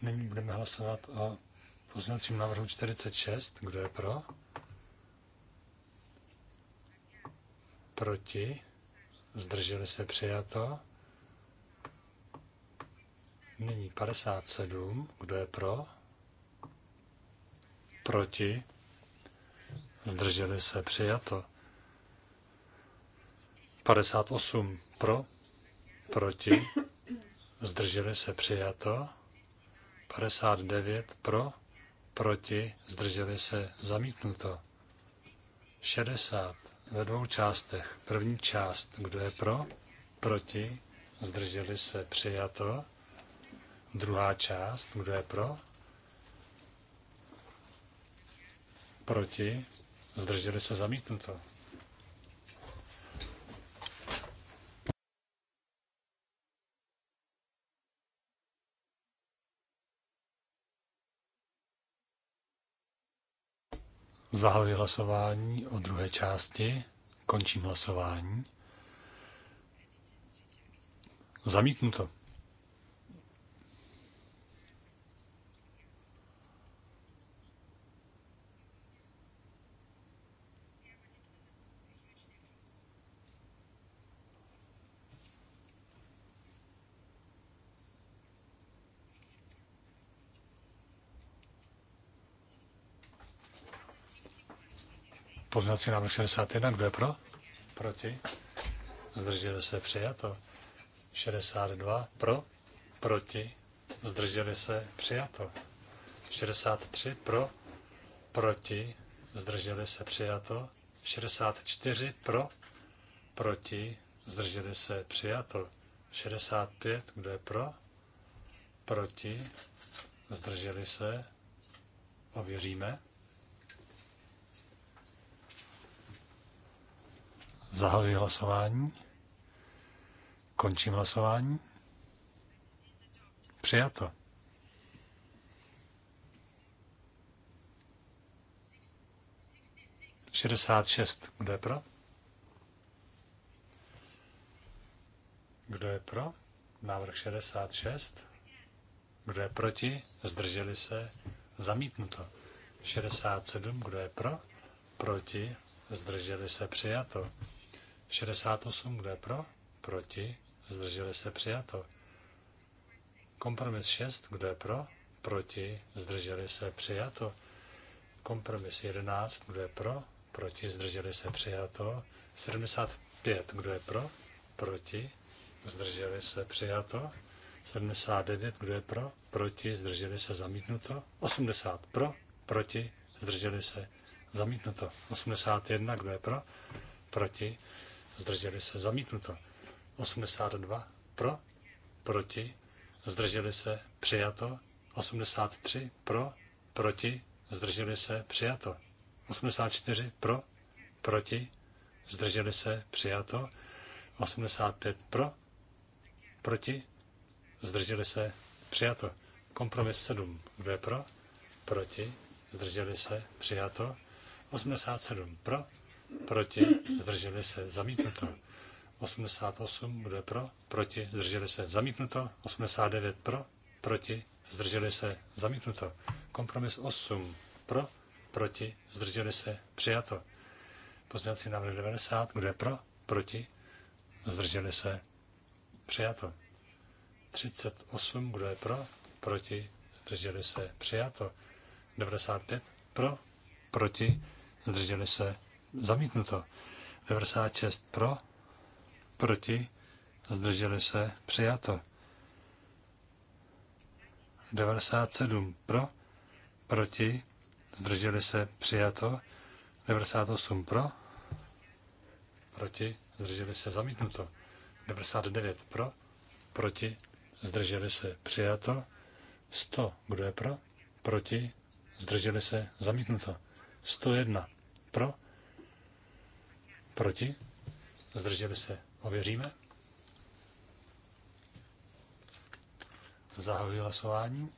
Nyní budeme hlasovat o pozměňovacím návrhu 46. Kdo je pro? Proti? Zdrželi se přijato? Nyní 57. Kdo je pro? Proti? Zdrželi se přijato? 58. Pro? Proti? Zdrželi se přijato? 59 pro, proti, zdrželi se, zamítnuto. 60 ve dvou částech. První část, kdo je pro, proti, zdrželi se, přijato. Druhá část, kdo je pro, proti, zdrželi se, zamítnuto. Zahajuji hlasování o druhé části. Končím hlasování. Zamítnuto. Pozměňovací návrh 61, kdo je pro? Proti? Zdrželi se přijato. 62 pro? Proti? Zdrželi se přijato. 63 pro? Proti? Zdrželi se přijato. 64 pro? Proti? Zdrželi se přijato. 65, kdo je pro? Proti? Zdrželi se? Ověříme. Zahajuji hlasování. Končím hlasování. Přijato. Šedesát šest. Kdo je pro? Kdo je pro? Návrh šest. Kdo je proti? Zdrželi se? Zamítnuto. sedm. Kdo je pro? Proti? Zdrželi se? Přijato. 68, kdo je pro? Proti? Zdrželi se přijato. Kompromis 6, kdo je pro? Proti? Zdrželi se přijato. Kompromis 11, kdo je pro? Proti? Zdrželi se přijato. 75, kdo je pro? Proti? Zdrželi se přijato. 79, kdo je pro? Proti? Zdrželi se zamítnuto. 80 pro? Proti? Zdrželi se zamítnuto. 81, kdo je pro? Proti? zdrželi se, zamítnuto. 82 pro, proti, zdrželi se, přijato. 83 pro, proti, zdrželi se, přijato. 84 pro, proti, zdrželi se, přijato. 85 pro, proti, zdrželi se, přijato. Kompromis 7, kdo je pro, proti, zdrželi se, přijato. 87 pro, proti, zdrželi se, zamítnuto. 88, kdo je pro, proti, zdrželi se, zamítnuto. 89 pro, proti, zdrželi se, zamítnuto. Kompromis 8 pro, proti, zdrželi se, přijato. Pozměňovací návrh 90, kdo je pro, proti, zdrželi se, přijato. 38, kdo je pro, proti, zdrželi se, přijato. 95, pro, proti, zdrželi se, zamítnuto. 96 pro, proti, zdrželi se, přijato. 97 pro, proti, zdrželi se, přijato. 98 pro, proti, zdrželi se, zamítnuto. 99 pro, proti, zdrželi se, přijato. 100, kdo je pro, proti, zdrželi se, zamítnuto. 101 pro, Proti? Zdrželi se. Ověříme. Zahajuji hlasování.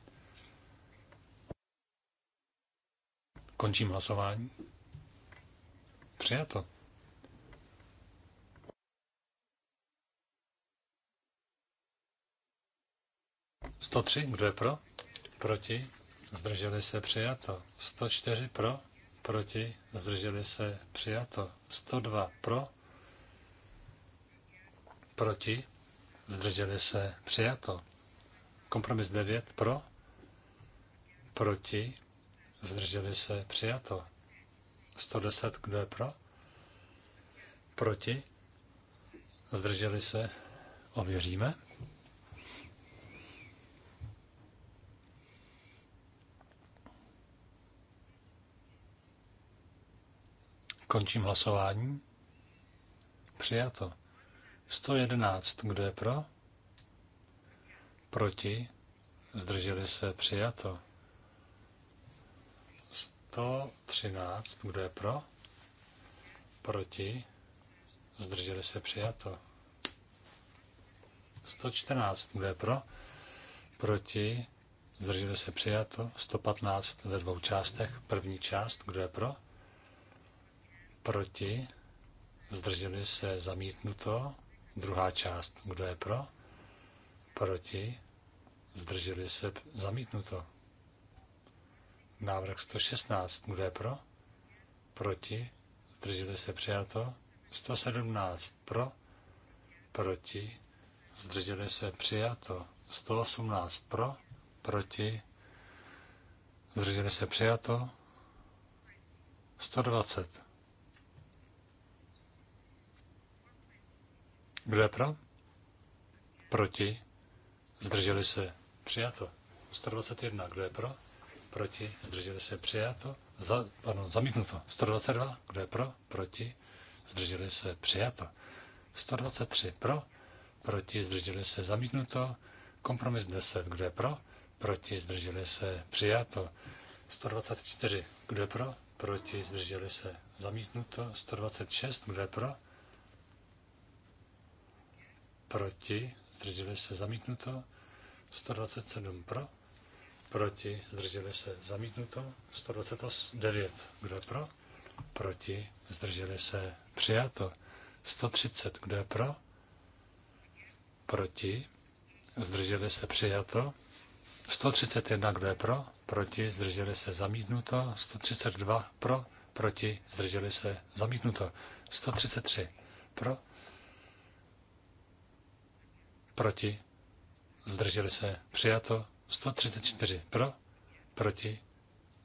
Končím hlasování. Přijato. Sto tři, kdo je pro? Proti? Zdrželi se přijato. Sto čtyři pro? Proti? Zdrželi se přijato. 102 pro, proti, zdrželi se, přijato. Kompromis 9 pro, proti, zdrželi se, přijato. 110, kdo je pro, proti, zdrželi se, ověříme. Končím hlasování. Přijato. 111. Kdo je pro? Proti? Zdrželi se? Přijato. 113. Kdo je pro? Proti? Zdrželi se? Přijato. 114. Kdo je pro? Proti? Zdrželi se? Přijato. 115 ve dvou částech. První část. Kdo je pro? proti, zdrželi se zamítnuto, druhá část, kdo je pro, proti, zdrželi se zamítnuto. Návrh 116, kdo je pro, proti, zdrželi se přijato, 117 pro, proti, zdrželi se přijato, 118 pro, proti, zdrželi se přijato, 120 Kdo je pro? Proti? Zdrželi se. Přijato. 121. Kdo je pro? Proti? Zdrželi se. Přijato. Za, pardon, zamítnuto. 122. Kdo je pro? Proti? Zdrželi se. Přijato. 123. Pro? Proti? Zdrželi se. Zamítnuto. Kompromis 10. Kdo je pro? Proti? Zdrželi se. Přijato. 124. Kdo je pro? Proti? Zdrželi se. Zamítnuto. 126. Kdo je pro? proti, zdrželi se zamítnuto, 127 pro, proti, zdrželi se zamítnuto, 129, kdo je pro, proti, zdrželi se přijato, 130, kdo je pro, proti, zdrželi se přijato, 131, kdo je pro, proti, zdrželi se zamítnuto, 132 pro, proti, zdrželi se zamítnuto, 133 pro, proti, zdrželi se, přijato. 134 pro, proti,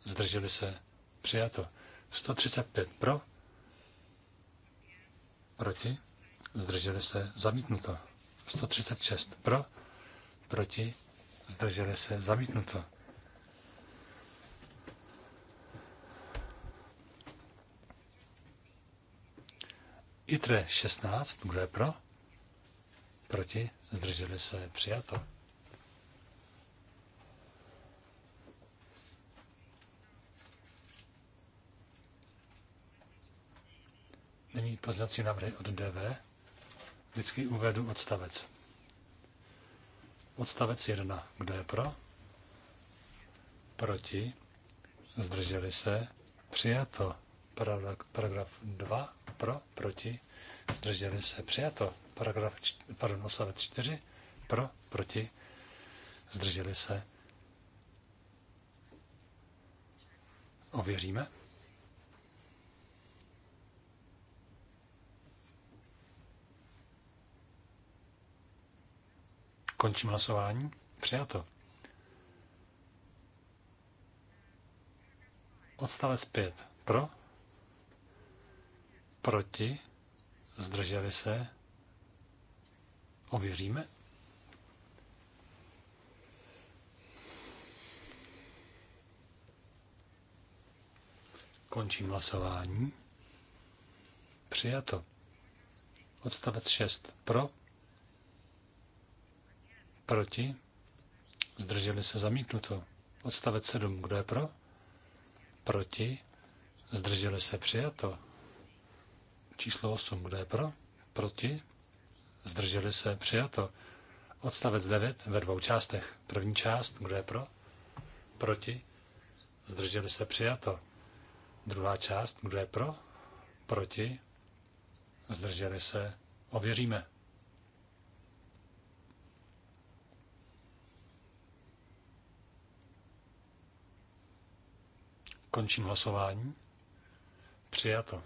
zdrželi se, přijato. 135 pro, proti, zdrželi se, zamítnuto. 136 pro, proti, zdrželi se, zamítnuto. ITRE 16, kdo je pro? Proti? zdrželi se, přijato. Nyní pozdělací návrhy od DV. Vždycky uvedu odstavec. Odstavec 1. Kdo je pro? Proti? Zdrželi se? Přijato. Paragraf 2. Pro? Proti? Zdrželi se? Přijato paragraf, pardon, odstavec 4, pro, proti, zdrželi se. Ověříme. Končím hlasování. Přijato. Odstavec 5. Pro? Proti? Zdrželi se? Ověříme. Končím hlasování. Přijato. Odstavec 6. Pro. Proti. Zdrželi se zamítnuto. Odstavec 7. Kdo je pro? Proti. Zdrželi se přijato. Číslo 8. Kdo je pro? Proti zdrželi se, přijato. Odstavec 9 ve dvou částech. První část, kdo je pro, proti, zdrželi se, přijato. Druhá část, kdo je pro, proti, zdrželi se, ověříme. Končím hlasování. Přijato.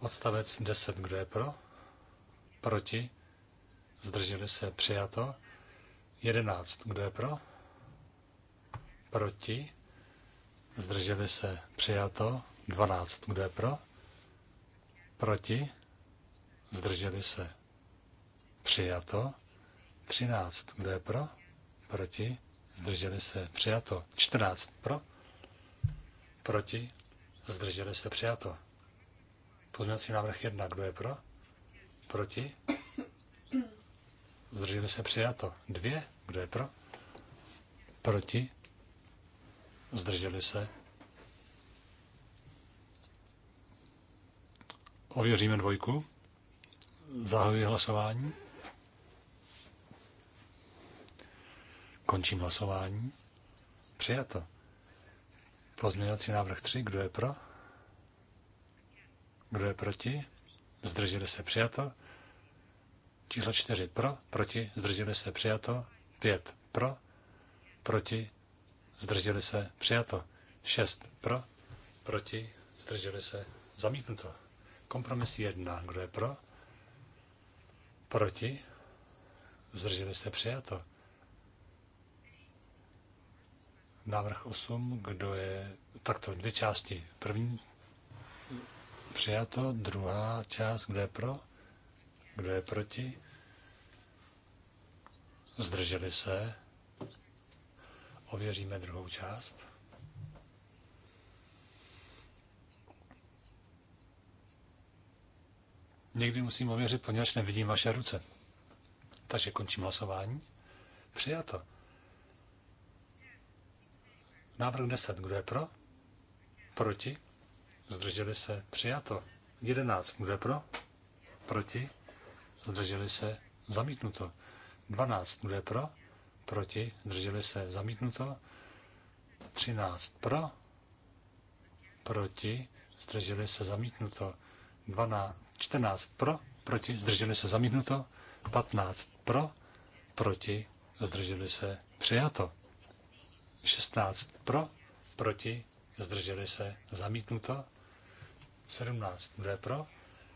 Odstavec 10, kdo je pro? Proti? zdrželi se, přijato. 11. Kdo je pro? Proti? Zdrželi se, přijato. 12. Kdo je pro? Proti? Zdrželi se, přijato. 13. Kdo je pro? Proti? Zdrželi se, přijato. 14. Pro? Proti? Zdrželi se, přijato. Pozměňovací návrh 1. Kdo je pro? Proti? Zdržíme se přijato. Dvě. Kdo je pro? Proti? Zdrželi se. Ověříme dvojku. Zahajuji hlasování. Končím hlasování. Přijato. Pozměňovací návrh 3. Kdo je pro? Kdo je proti? Zdrželi se přijato. Číslo 4 pro, proti, zdrželi se, přijato. 5 pro, proti, zdrželi se, přijato. 6 pro, proti, zdrželi se, zamítnuto. Kompromis 1, kdo je pro, proti, zdrželi se, přijato. Návrh 8, kdo je, takto dvě části. První přijato, druhá část, kdo je pro, kdo je proti? Zdrželi se? Ověříme druhou část. Někdy musím ověřit, poněvadž nevidím vaše ruce. Takže končím hlasování. Přijato. Návrh 10. Kdo je pro? Proti? Zdrželi se? Přijato. 11. Kdo je pro? Proti? zdrželi se, zamítnuto. 12, kdo je pro, proti, zdrželi se, zamítnuto. 13 pro, proti, zdrželi se, zamítnuto. 12, 14 pro, proti, zdrželi se, zamítnuto. 15 pro, proti, zdrželi se, přijato. 16 pro, proti, zdrželi se, zamítnuto. 17 je pro,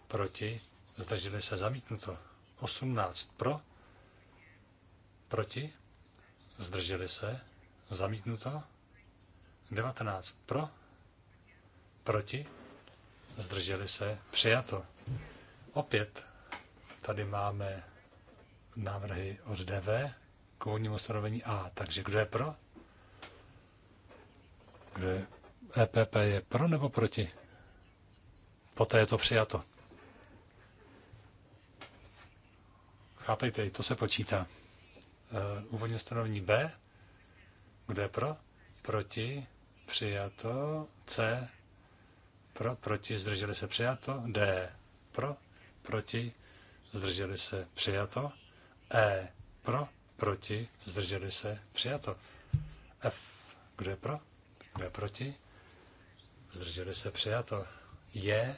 proti, zdrželi se zamítnuto. 18 pro, proti, zdrželi se zamítnuto. 19 pro, proti, zdrželi se přijato. Opět tady máme návrhy od DV k volnímu ustanovení A. Takže kdo je pro? Kdo je? EPP je pro nebo proti? Poté je to přijato. Chápejte, to se počítá. Eh, úvodní ustanovení B. Kdo je pro? Proti? Přijato. C. Pro? Proti? Zdrželi se? Přijato. D. Pro? Proti? Zdrželi se? Přijato. E. Pro? Proti? Zdrželi se? Přijato. F. Kdo je pro? Kdo je proti? Zdrželi se? Přijato. J.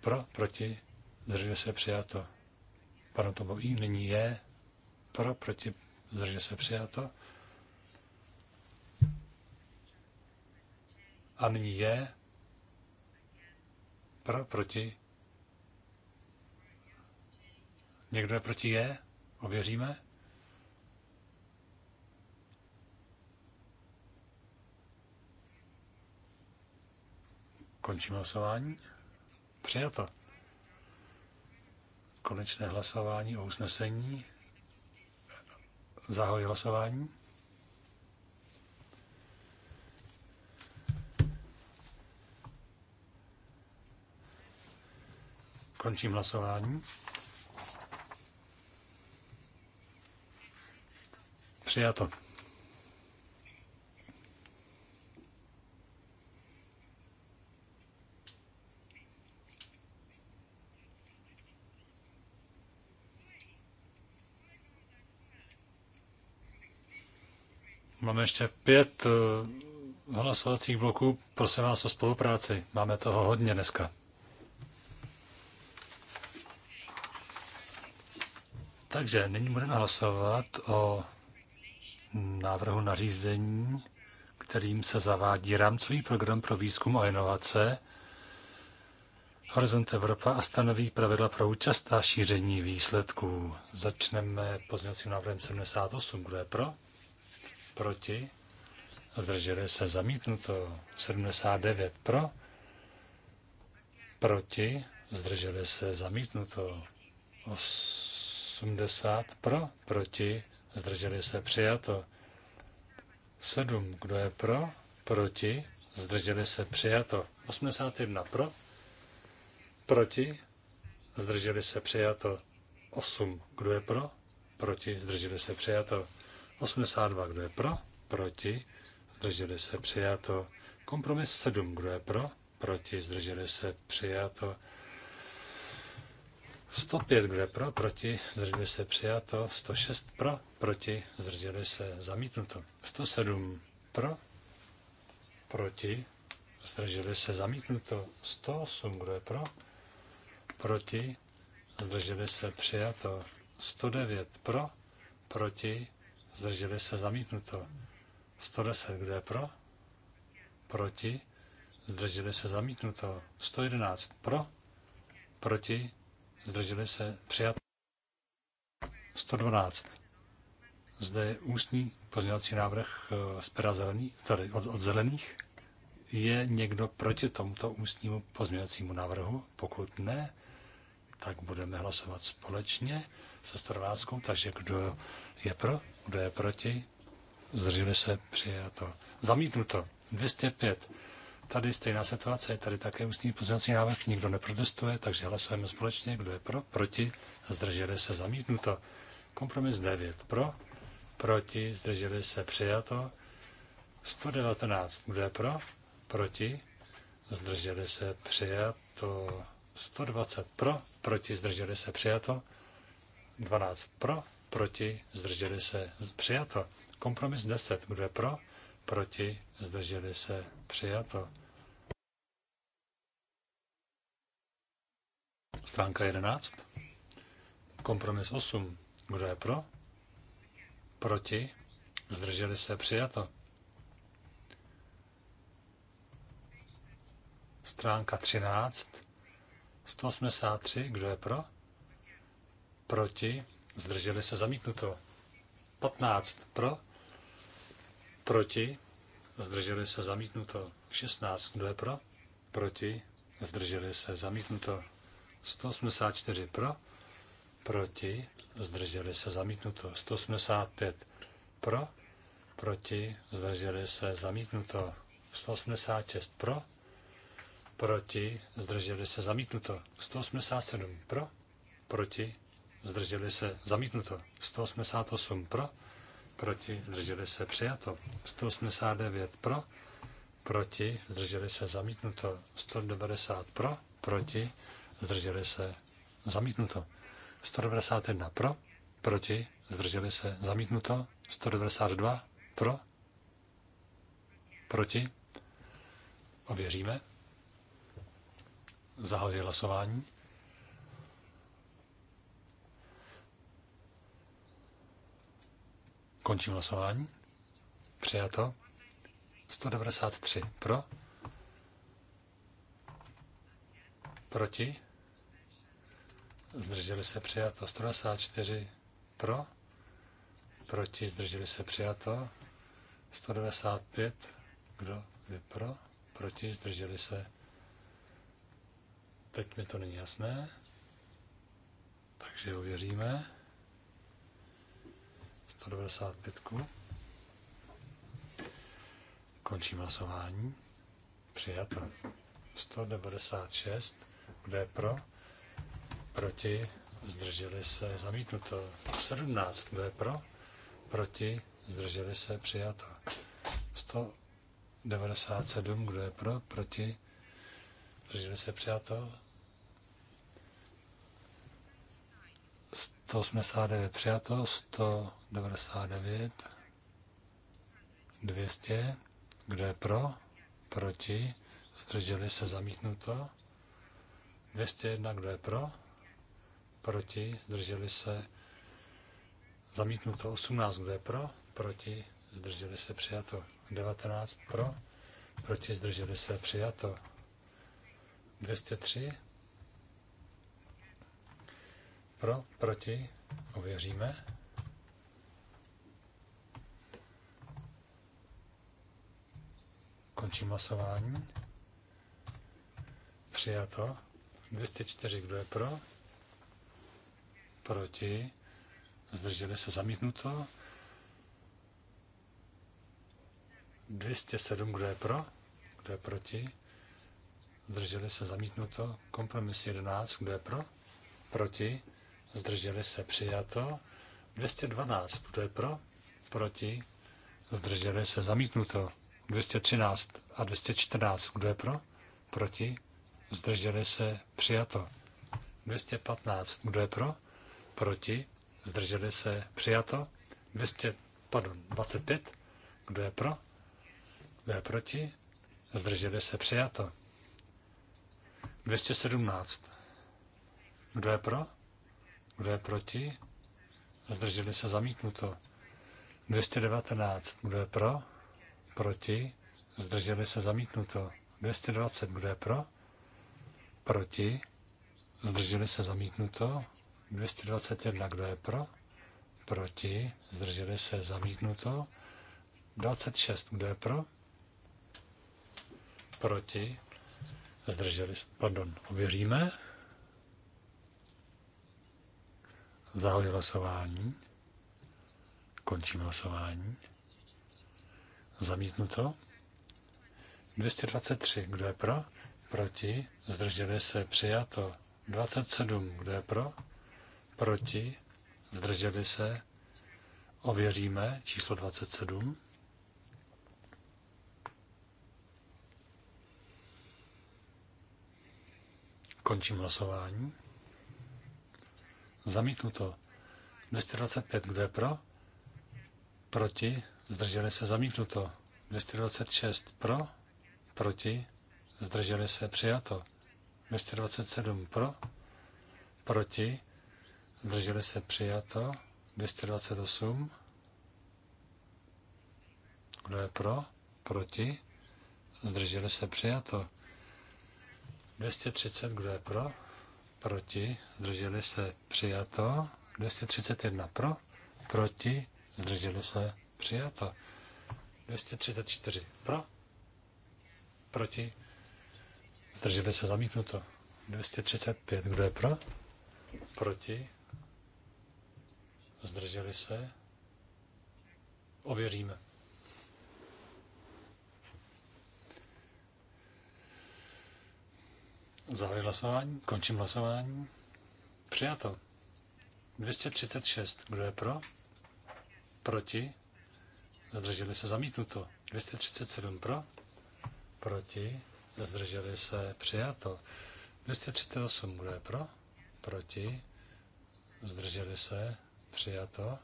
Pro? Proti? Zdrželi se? Přijato to Toboví, nyní je pro, proti, zdrže se přijato. A nyní je pro, proti. Někdo je proti je? Ověříme? Končíme hlasování. Přijato konečné hlasování o usnesení. Zahoji hlasování. Končím hlasování. Přijato. Máme ještě pět eh, hlasovacích bloků. Prosím vás o spolupráci. Máme toho hodně dneska. Takže nyní budeme hlasovat o návrhu nařízení, kterým se zavádí rámcový program pro výzkum a inovace Horizont Evropa a stanoví pravidla pro účast a šíření výsledků. Začneme pozměňovacím návrhem 78. Kdo je pro? proti, zdrželi se zamítnuto 79 pro, proti, zdrželi se zamítnuto 80 pro, proti, zdrželi se přijato 7, kdo je pro, proti, zdrželi se přijato 81 pro, proti, zdrželi se přijato 8, kdo je pro, proti, zdrželi se přijato 82, kdo je pro, proti, zdrželi se přijato. Kompromis 7, kdo je pro, proti, zdrželi se přijato. 105, kdo je pro, proti, zdrželi se přijato. 106 pro, proti, zdrželi se zamítnuto. 107 pro, proti, zdrželi se zamítnuto. 108, kdo je pro, proti, zdrželi se přijato. 109 pro, proti, zdrželi se zamítnuto. 110, kdo je pro? Proti, zdrželi se zamítnuto. 111, pro? Proti, zdrželi se přijat. 112. Zde je ústní pozměňovací návrh eh, z pera zelený, tady od, od zelených. Je někdo proti tomuto ústnímu pozměňovacímu návrhu? Pokud ne, tak budeme hlasovat společně se 112. Takže kdo je pro, kdo je proti, zdrželi se, přijato. Zamítnuto. 205. Tady stejná situace, je tady také ústní pozměňovací návrh, nikdo neprotestuje, takže hlasujeme společně, kdo je pro, proti, zdrželi se, zamítnuto. Kompromis 9. Pro, proti, zdrželi se, přijato. 119. Kdo je pro, proti, zdrželi se, přijato. 120 pro, proti, zdrželi se, přijato. 12 pro, proti, zdrželi se, přijato. Kompromis 10, kdo je pro, proti, zdrželi se, přijato. Stránka 11. Kompromis 8. Kdo je pro? Proti? Zdrželi se přijato. Stránka 13. 183, kdo je pro? Proti, zdrželi se zamítnuto. 15 pro, proti, zdrželi se zamítnuto. 16, kdo je pro? Proti, zdrželi se zamítnuto. 184 pro, proti, zdrželi se zamítnuto. 185 pro, proti, zdrželi se zamítnuto. 186 pro, proti, zdrželi se zamítnuto. 187 pro, proti, zdrželi se zamítnuto. 188 pro, proti, zdrželi se přijato. 189 pro, proti, zdrželi se zamítnuto. 190 pro, proti, zdrželi se zamítnuto. 191 pro, proti, zdrželi se zamítnuto. 192 pro, proti, ověříme. Zahajuji hlasování. Končím hlasování. Přijato. 193 pro. Proti. Zdrželi se přijato. 194 pro. Proti. Zdrželi se přijato. 195. Kdo je pro? Proti. Zdrželi se Teď mi to není jasné, takže ověříme. 195. Končím hlasování. Přijato. 196. Kdo je pro? Proti? Zdrželi se. Zamítnuto. 17. Kdo je pro? Proti? Zdrželi se. Přijato. 197. Kdo je pro? Proti? Zdrželi se přijato. 189 přijato, 199, 200, kdo je pro, proti, zdrželi se zamítnuto, 201, kdo je pro, proti, zdrželi se zamítnuto, 18, kdo je pro, proti, zdrželi se přijato, 19 pro, proti, zdrželi se přijato, 203. Pro, proti, ověříme. Končím hlasování. Přijato. 204, kdo je pro? Proti. Zdrželi se zamítnuto. 207, kdo je pro? Kdo je proti? zdrželi se zamítnuto, kompromis 11, kdo je pro, proti, zdrželi se přijato, 212, kdo je pro, proti, zdrželi se zamítnuto, 213 a 214, kdo je pro, proti, zdrželi se přijato, 215, kdo je pro, proti, zdrželi se přijato, 200, pardon, 25, kdo je pro, kdo je proti, zdrželi se přijato. 217. Kdo je pro? Kdo je proti? Zdrželi se zamítnuto. 219. Kdo je pro? Proti? Zdrželi se zamítnuto. 220. Kdo je pro? Proti? Zdrželi se zamítnuto. 221. Kdo je pro? Proti? Zdrželi se zamítnuto. 26. Kdo je pro? Proti? Zdrželi, pardon, ověříme. Zahajuji hlasování. Končím hlasování. Zamítnuto. 223. Kdo je pro? Proti. Zdrželi se. Přijato. 27. Kdo je pro? Proti. Zdrželi se. Ověříme číslo 27. Končím hlasování. Zamítnuto. 225, kdo je pro? Proti, zdrželi se zamítnuto. 226 pro, proti, zdrželi se přijato. 227 pro, proti, zdrželi se přijato. 228, kdo je pro, proti, zdrželi se přijato. 230, kdo je pro? Proti, zdrželi se, přijato. 231 pro, proti, zdrželi se, přijato. 234 pro, proti, zdrželi se, zamítnuto. 235, kdo je pro? Proti, zdrželi se, ověříme. Zahajuji hlasování, končím hlasování. Přijato. 236. Kdo je pro? Proti? Zdrželi se zamítnuto. 237 pro? Proti? Zdrželi se přijato. 238. Kdo je pro? Proti? Zdrželi se přijato.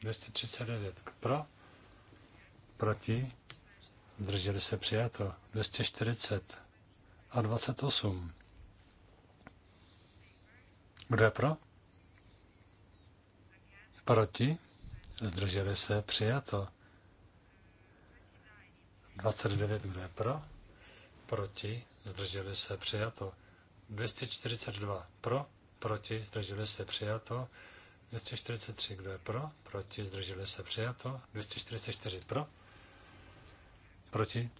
239. Pro? Proti? drželi se přijato 240 a 28. Kdo je pro? Proti? Zdrželi se přijato 29. Kdo je pro? Proti? Zdrželi se přijato 242. Pro? Proti? Zdrželi se přijato 243. Kdo je pro? Proti? Zdrželi se přijato 244. Pro? Proti?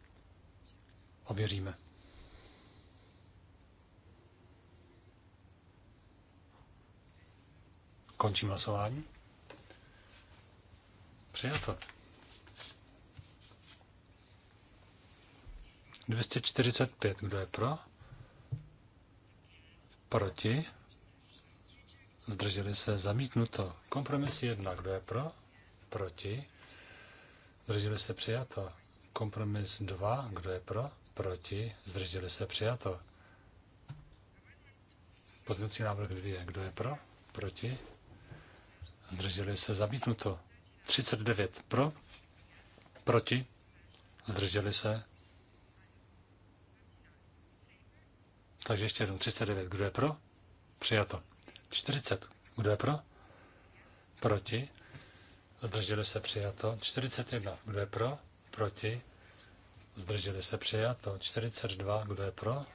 Ověříme. Končím hlasování. Přijato. 245. Kdo je pro? Proti? Zdrželi se zamítnuto. Kompromis 1. Kdo je pro? Proti? Zdrželi se přijato. Kompromis 2. Kdo je pro? Proti? Zdrželi se přijato. Pozměňovací návrh 2. Kdo je pro? Proti? Zdrželi se zamítnuto. 39. Pro? Proti? Zdrželi se. Takže ještě jednou. 39. Kdo je pro? Přijato. 40. Kdo je pro? Proti? Zdrželi se přijato. 41. Kdo je pro? Proti? Zdrželi se přijato. 42. Kdo je pro?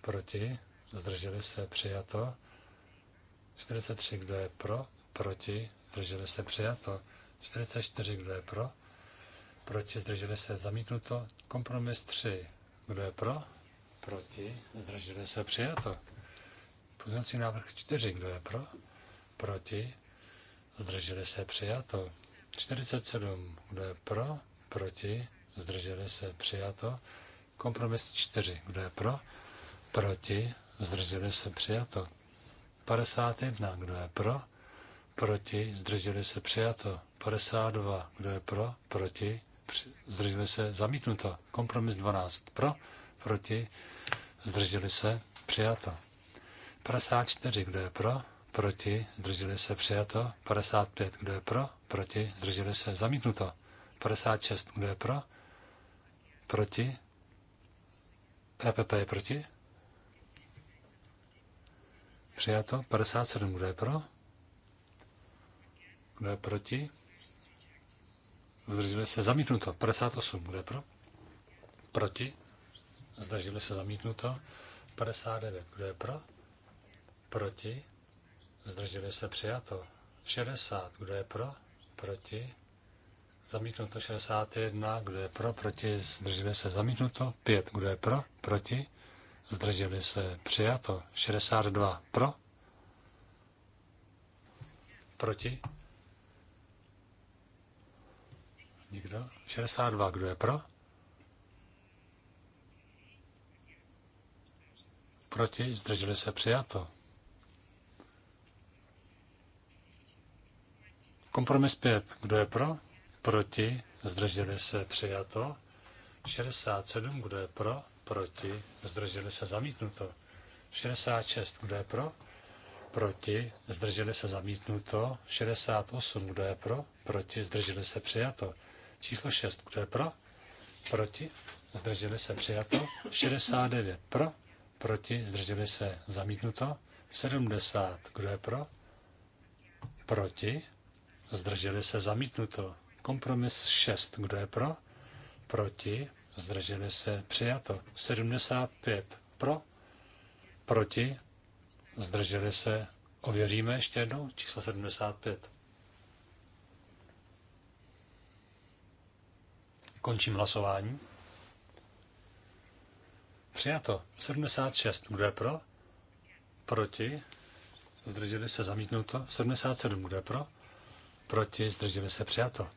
Proti? Zdrželi se přijato. 43. Kdo je pro? Proti? Zdrželi se přijato. 44. Kdo je pro? Proti? Zdrželi se zamítnuto. Kompromis 3. Kdo je pro? Proti? Zdrželi se přijato. Pozměňovací návrh 4. Kdo je pro? Proti? Zdrželi se přijato. 47. Kdo je pro? proti, zdrželi se, přijato. Kompromis 4, kdo je pro, proti, zdrželi se, přijato. 51, kdo je pro, proti, zdrželi se, přijato. 52, kdo je pro, proti, zdrželi se, zamítnuto. Kompromis 12, pro, proti, zdrželi se, přijato. 54, kdo je pro, proti, zdrželi se, přijato. 55, kdo je pro, proti, zdrželi se, zamítnuto. 56, kdo je pro? Proti? EPP je proti? Přijato. 57, kdo je pro? Kdo je proti? Zdrželi se zamítnuto. 58, kdo je pro? Proti? Zdrželi se zamítnuto. 59, kdo je pro? Proti? Zdrželi se přijato. 60, kdo je pro? Proti? Zamítnuto 61, kdo je pro, proti, zdrželi se. Zamítnuto 5, kdo je pro, proti, zdrželi se. Přijato 62, pro, proti, nikdo. 62, kdo je pro, proti, zdrželi se. Přijato. Kompromis 5. Kdo je pro? proti, zdrželi se přijato. 67, kdo je pro, proti, zdrželi se zamítnuto. 66, kdo je pro, proti, zdrželi se zamítnuto. 68, kdo je pro, proti, zdrželi se přijato. Číslo 6, kdo je pro, proti, zdrželi se přijato. 69, pro, proti, zdrželi se zamítnuto. 70, kdo je pro, proti, zdrželi se zamítnuto. Kompromis 6. Kdo je pro? Proti? Zdrželi se? Přijato. 75. Pro? Proti? Zdrželi se? Ověříme ještě jednou číslo 75. Končím hlasování. Přijato. 76. Kdo je pro? Proti? Zdrželi se zamítnuto. 77. Kdo je pro? Proti? Zdrželi se přijato.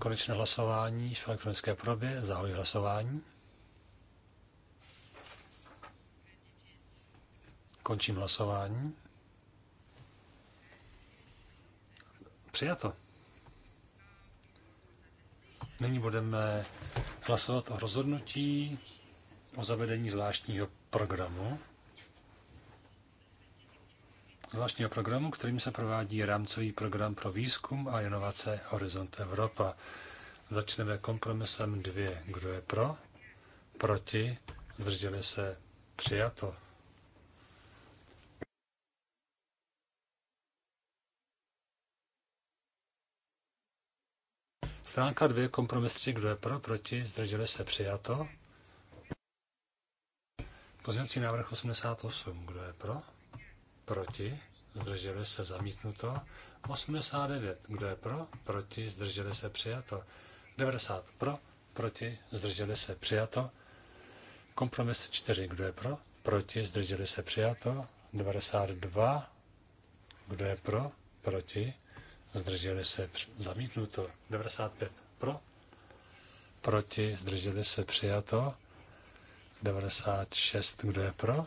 Konečné hlasování v elektronické podobě. Zahoji hlasování. Končím hlasování. Přijato. Nyní budeme hlasovat o rozhodnutí o zavedení zvláštního programu zvláštního programu, kterým se provádí rámcový program pro výzkum a inovace Horizont Evropa. Začneme kompromisem dvě. Kdo je pro? Proti? Zdrželi se? Přijato. Stránka dvě kompromis tři, kdo je pro, proti, zdrželi se, přijato. Pozměňovací návrh 88, kdo je pro? proti, zdrželi se zamítnuto, 89, kdo je pro, proti, zdrželi se přijato, 90 pro, proti, zdrželi se přijato, kompromis 4, kdo je pro, proti, zdrželi se přijato, 92, kdo je pro, proti, zdrželi se zamítnuto, 95 pro, proti, zdrželi se přijato, 96, kdo je pro,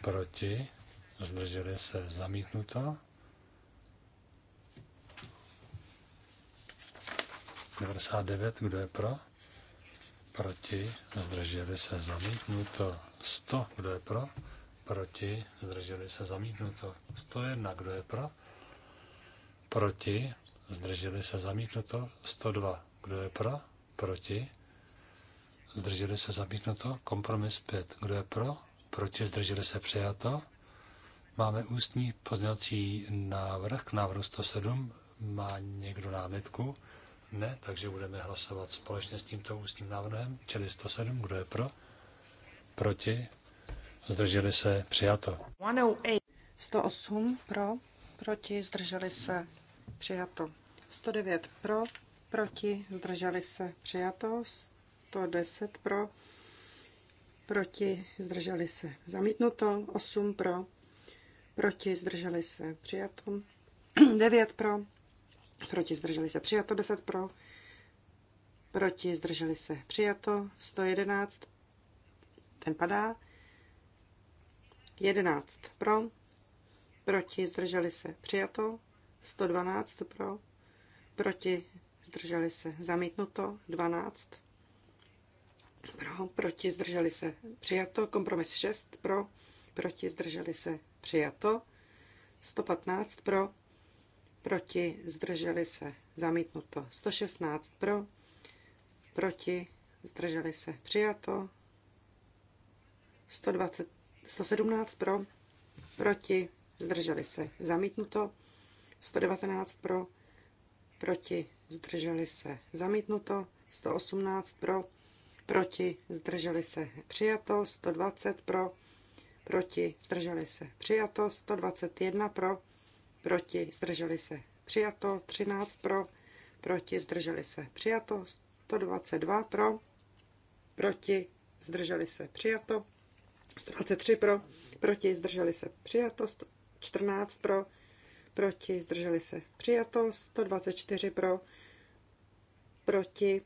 proti, zdrželi se zamítnuto. kdo je pro? Proti, zdrželi se zamítnuto. 100, kdo je pro? Proti, zdrželi se zamítnuto. 101, kdo je pro? Proti, zdrželi se zamítnuto. 102, kdo je pro? Proti, zdrželi se zamítnuto. Kompromis 5, kdo je pro? Proti, zdrželi se přijato. Máme ústní pozdělací návrh k návrhu 107. Má někdo námitku? Ne, takže budeme hlasovat společně s tímto ústním návrhem, čili 107. Kdo je pro? Proti? Zdrželi se? Přijato. 108 pro, proti, zdrželi se, přijato. 109 pro, proti, zdrželi se, přijato. 110 pro, proti, zdrželi se, zamítnuto. 8 pro, proti, zdrželi se, přijato. 9 pro, proti, zdrželi se, přijato. 10 pro, proti, zdrželi se, přijato. 111, ten padá. 11 pro, proti, zdrželi se, přijato. 112 pro, proti, zdrželi se, zamítnuto. 12 pro, proti, zdrželi se, přijato. Kompromis 6 pro, proti, zdrželi se, přijato, 115 pro, proti, zdrželi se, zamítnuto, 116 pro, proti, zdrželi se, přijato, 120, 117 pro, proti, zdrželi se, zamítnuto, 119 pro, proti, zdrželi se, zamítnuto, 118 pro, proti, zdrželi se, přijato, 120 pro, proti, zdrželi se, přijato, 121 pro, proti, zdrželi se, přijato, 13 pro, proti, zdrželi se, přijato, 122 pro, proti, zdrželi se, přijato, 123 pro, proti, zdrželi se, přijato, 14 pro, proti, zdrželi se, přijato, 124 pro, proti,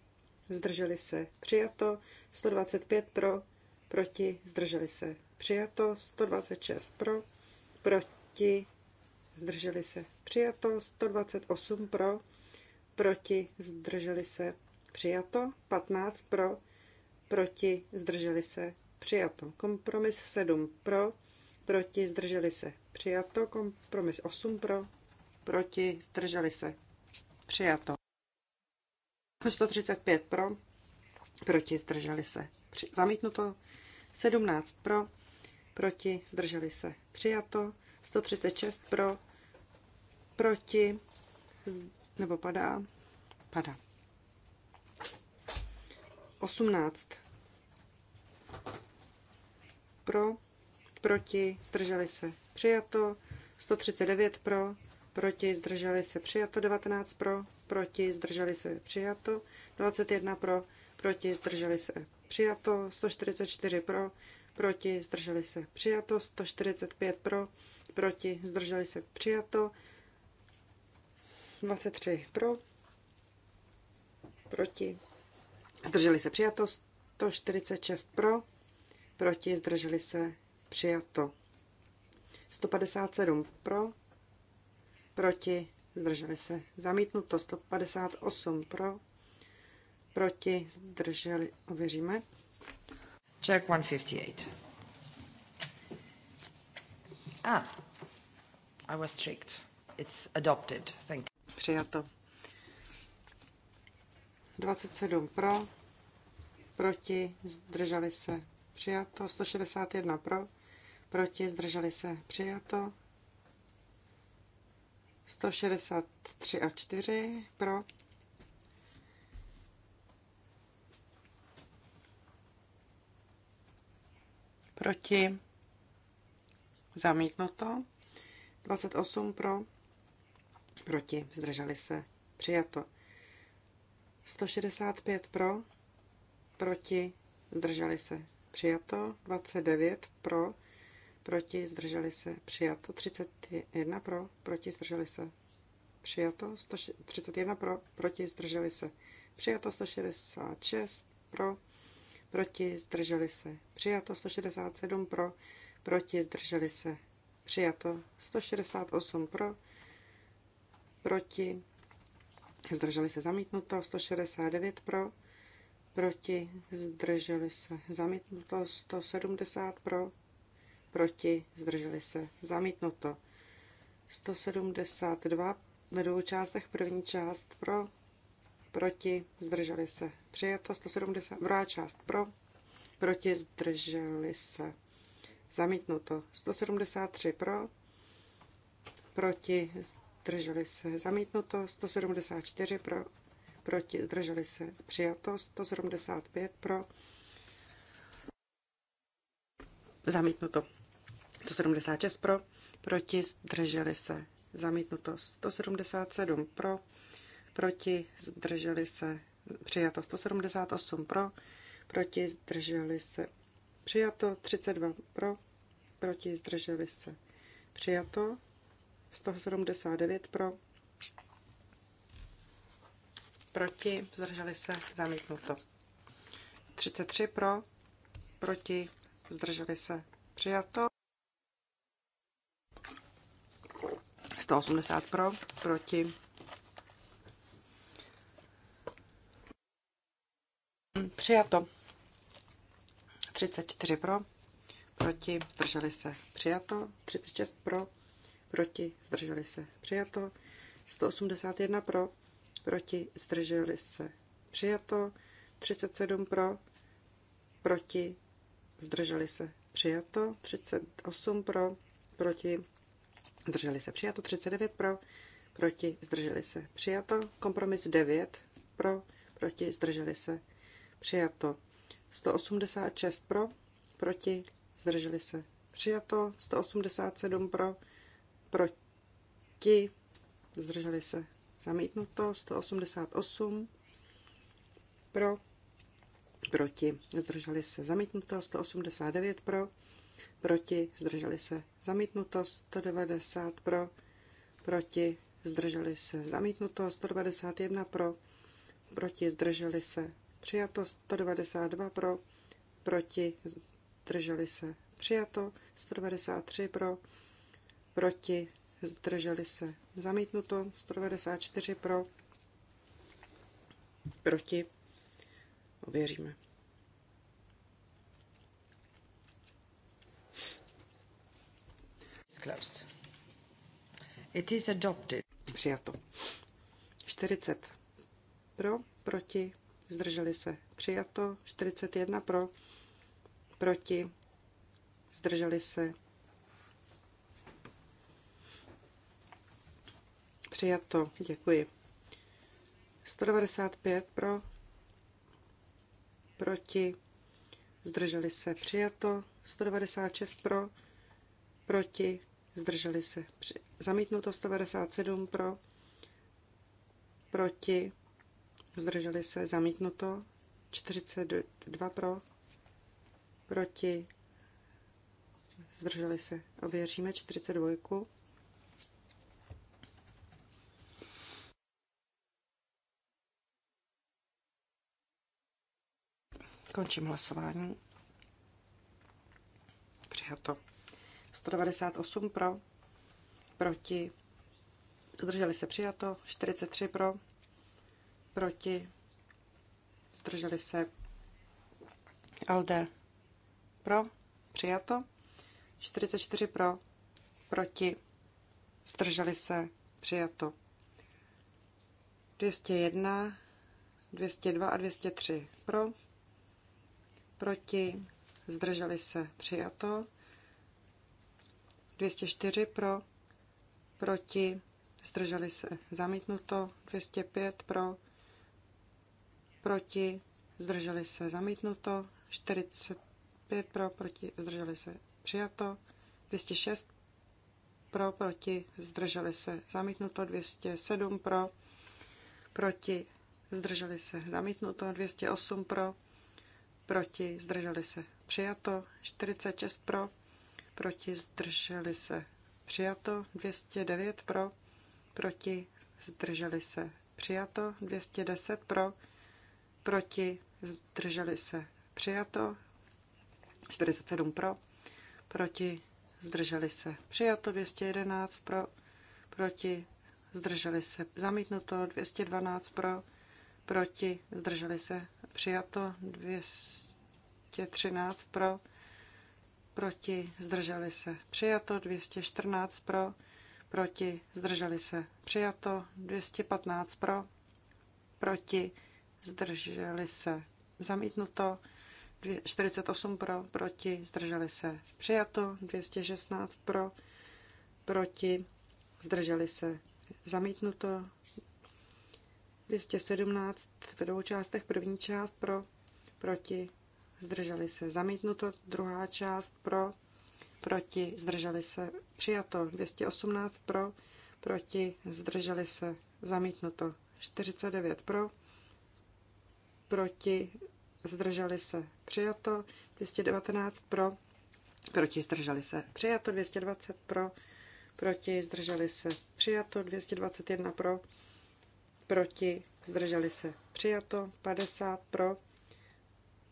zdrželi se, přijato, 125 pro, proti, zdrželi se, přijato, 126 pro, proti, zdrželi se, přijato, 128 pro, proti, zdrželi se, přijato, 15 pro, proti, zdrželi se, přijato, kompromis 7 pro, proti, zdrželi se, přijato, kompromis 8 pro, proti, zdrželi se, přijato. 135 pro, proti, zdrželi se, při, zamítnuto, 17 pro, proti, zdrželi se, přijato. 136 pro, proti, nebo padá, padá. 18 pro, proti, zdrželi se, přijato. 139 pro, proti, zdrželi se, přijato. 19 pro, proti, zdrželi se, přijato. 21 pro, proti, zdrželi se, přijato. 144 pro, proti, zdrželi se přijato, 145 pro, proti, zdrželi se přijato, 23 pro, proti, zdrželi se přijato, 146 pro, proti, zdrželi se přijato, 157 pro, proti, zdrželi se zamítnuto, 158 pro, proti, zdrželi, ověříme, Check 158. Ah, I was tricked. It's adopted. Thank you. Přijato. 27 pro, proti, zdrželi se, přijato. 161 pro, proti, zdrželi se, přijato. 163 a 4 pro, proti, zamítnuto, 28 pro, proti, zdrželi se, přijato, 165 pro, proti, zdrželi se, přijato, 29 pro, proti, zdrželi se, přijato, 31 pro, proti, zdrželi se, přijato, 131 pro, proti, zdrželi se, přijato, 166 pro, proti, zdrželi se. Přijato 167 pro, proti, zdrželi se. Přijato 168 pro, proti, zdrželi se zamítnuto, 169 pro, proti, zdrželi se zamítnuto, 170 pro, proti, zdrželi se zamítnuto, 172 ve dvou částech, první část pro, proti, zdrželi se přijato 170, druhá část pro, proti zdrželi se, zamítnuto 173 pro, proti zdrželi se, zamítnuto 174 pro, proti zdrželi se, přijato 175 pro, zamítnuto 176 pro, proti zdrželi se, zamítnuto 177 pro, proti zdrželi se, přijato 178 pro, proti zdrželi se přijato 32 pro, proti zdrželi se přijato 179 pro, proti zdrželi se zamítnuto 33 pro, proti zdrželi se přijato 180 pro, proti Přijato. 34 pro, proti, zdrželi se. Přijato. 36 pro, proti, zdrželi se. Přijato. 181 pro, proti, zdrželi se. Přijato. 37 pro, proti, zdrželi se. Přijato. 38 pro, proti, zdrželi se. Přijato. 39 pro, proti, zdrželi se. Přijato. Kompromis 9 pro, proti, zdrželi se přijato. 186 pro, proti, zdrželi se, přijato. 187 pro, proti, zdrželi se, zamítnuto. 188 pro, proti, zdrželi se, zamítnuto. 189 pro, proti, zdrželi se, zamítnuto. 190 pro, proti, zdrželi se, zamítnuto. 191 pro, proti, zdrželi se, přijato 192 pro, proti, zdrželi se, přijato 193 pro, proti, zdrželi se, zamítnuto 194 pro, proti, ověříme. Closed. It is adopted. Přijato. 40 pro, proti, zdrželi se přijato, 41 pro, proti, zdrželi se přijato, děkuji. 195 pro, proti, zdrželi se přijato, 196 pro, proti, zdrželi se při, zamítnuto, 197 pro, proti, zdrželi se, zamítnuto. 42 pro, proti, zdrželi se. Ověříme 42. Končím hlasování. Přijato. 198 pro, proti, zdrželi se přijato, 43 pro, proti, zdrželi se LD pro, přijato, 44 pro, proti, zdrželi se, přijato. 201, 202 a 203 pro, proti, zdrželi se, přijato. 204 pro, proti, zdrželi se, zamítnuto. 205 pro, proti, zdrželi se zamítnuto, 45 pro, proti, zdrželi se přijato, 206 pro, proti, zdrželi se zamítnuto, 207 pro, proti, zdrželi se zamítnuto, 208 pro, proti, zdrželi se přijato, 46 pro, proti, zdrželi se přijato, 209 pro, proti, zdrželi se přijato, 210 pro, proti, zdrželi se přijato, 47 pro, proti, zdrželi se přijato, 211 pro, proti, zdrželi se zamítnuto, 212 pro, proti, zdrželi se přijato, 213 pro, proti, zdrželi se přijato, 214 pro, proti, zdrželi se přijato, 215 pro, proti, zdrželi se zamítnuto, 48 pro, proti, zdrželi se přijato, 216 pro, proti, zdrželi se zamítnuto, 217 v dvou částech, první část pro, proti, zdrželi se zamítnuto, druhá část pro, proti, zdrželi se přijato, 218 pro, proti, zdrželi se zamítnuto, 49 pro, proti, zdrželi se, přijato, 219 pro, proti, zdrželi se, přijato, 220 pro, proti, zdrželi se, přijato, 221 pro, proti, zdrželi se, přijato, 50 pro,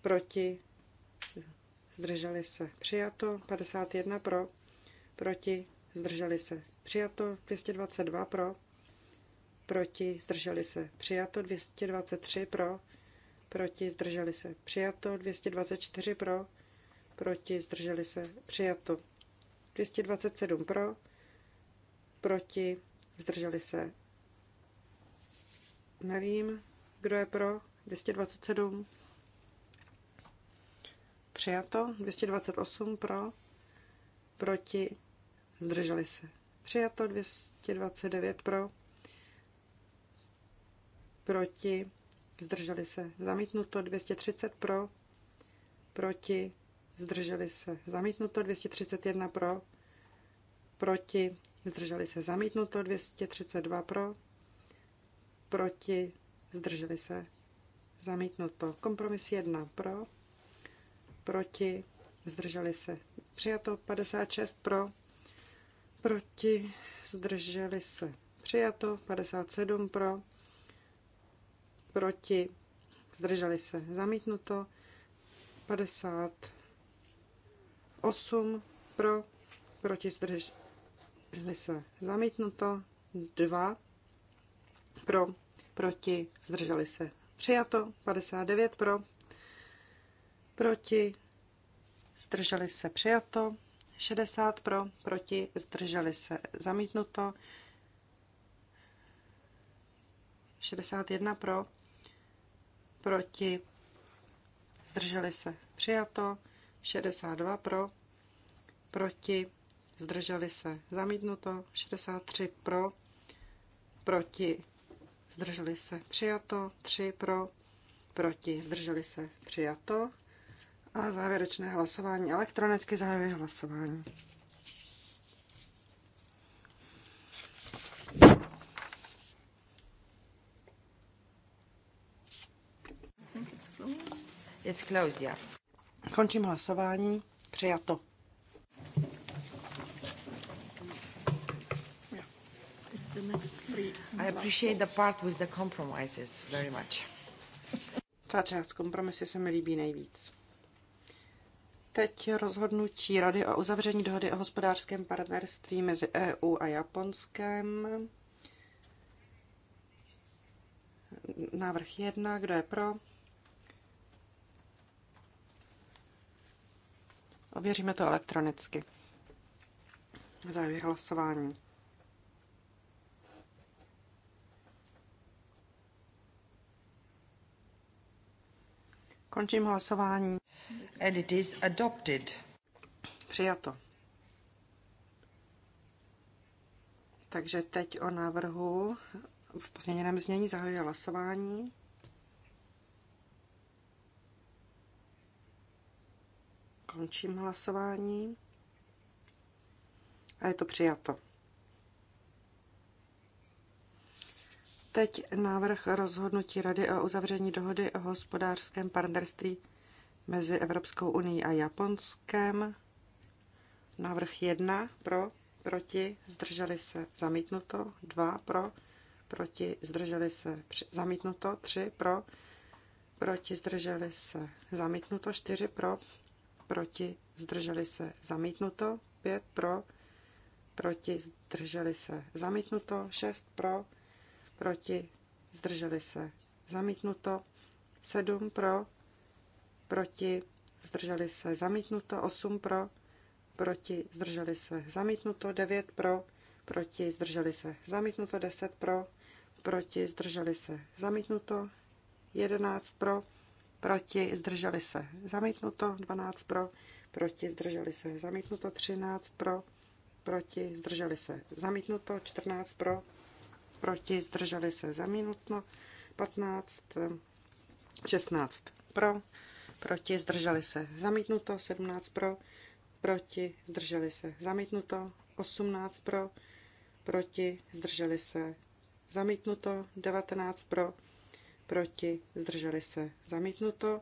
proti, zdrželi se, přijato, 51 pro, proti, zdrželi se, přijato, 222 pro, proti, zdrželi se, přijato, 223 pro, proti, zdrželi se, přijato. 224 pro, proti, zdrželi se, přijato. 227 pro, proti, zdrželi se. Nevím, kdo je pro, 227. Přijato, 228 pro, proti, zdrželi se. Přijato, 229 pro, proti, zdrželi se, zamítnuto 230 pro, proti, zdrželi se, zamítnuto 231 pro, proti, zdrželi se, zamítnuto 232 pro, proti, zdrželi se, zamítnuto. Kompromis 1 pro, proti, zdrželi se, přijato 56 pro, proti, zdrželi se, přijato 57 pro, proti, zdrželi se, zamítnuto, 58 pro, proti, zdrželi se, zamítnuto, 2 pro, proti, zdrželi se, přijato, 59 pro, proti, zdrželi se, přijato, 60 pro, proti, zdrželi se, zamítnuto, 61 pro, proti, zdrželi se přijato, 62 pro, proti, zdrželi se zamítnuto, 63 pro, proti, zdrželi se přijato, 3 pro, proti, zdrželi se přijato. A závěrečné hlasování. Elektronicky závěrečné hlasování. It's closed, yeah. Končím hlasování. Přijato. I appreciate the part with the compromises very much. Ta část kompromisy se mi líbí nejvíc. Teď rozhodnutí Rady o uzavření dohody o hospodářském partnerství mezi EU a Japonskem. Návrh jedna, Kdo je pro? Ověříme to elektronicky. Zahajuji hlasování. Končím hlasování. And it is adopted. Přijato. Takže teď o návrhu v pozměněném znění zahajuje hlasování. Končím hlasování. A je to přijato. Teď návrh rozhodnutí Rady o uzavření dohody o hospodářském partnerství mezi Evropskou unii a Japonskem. Návrh 1 pro, proti, zdrželi se, zamítnuto. 2 pro, proti, zdrželi se, zamítnuto. 3 pro, proti, zdrželi se, zamítnuto. 4 pro, proti, zdrželi se, zamítnuto. 5 pro, proti, zdrželi se, zamítnuto. 6 pro, proti, zdrželi se, zamítnuto. 7 pro, proti, zdrželi se, zamítnuto. 8 pro, proti, zdrželi se, zamítnuto. 9 pro, proti, zdrželi se, zamítnuto. 10 pro, proti, zdrželi se, zamítnuto. 11 pro, proti, zdrželi se. Zamítnuto 12 pro, proti, zdrželi se. Zamítnuto 13 pro, proti, zdrželi se. Zamítnuto 14 pro, proti, zdrželi se. Zamítnuto 15, 16 pro, proti, zdrželi se. Zamítnuto 17 pro, proti, zdrželi se. Zamítnuto 18 pro, proti, zdrželi se. Zamítnuto 19 pro, proti, zdrželi se, zamítnuto.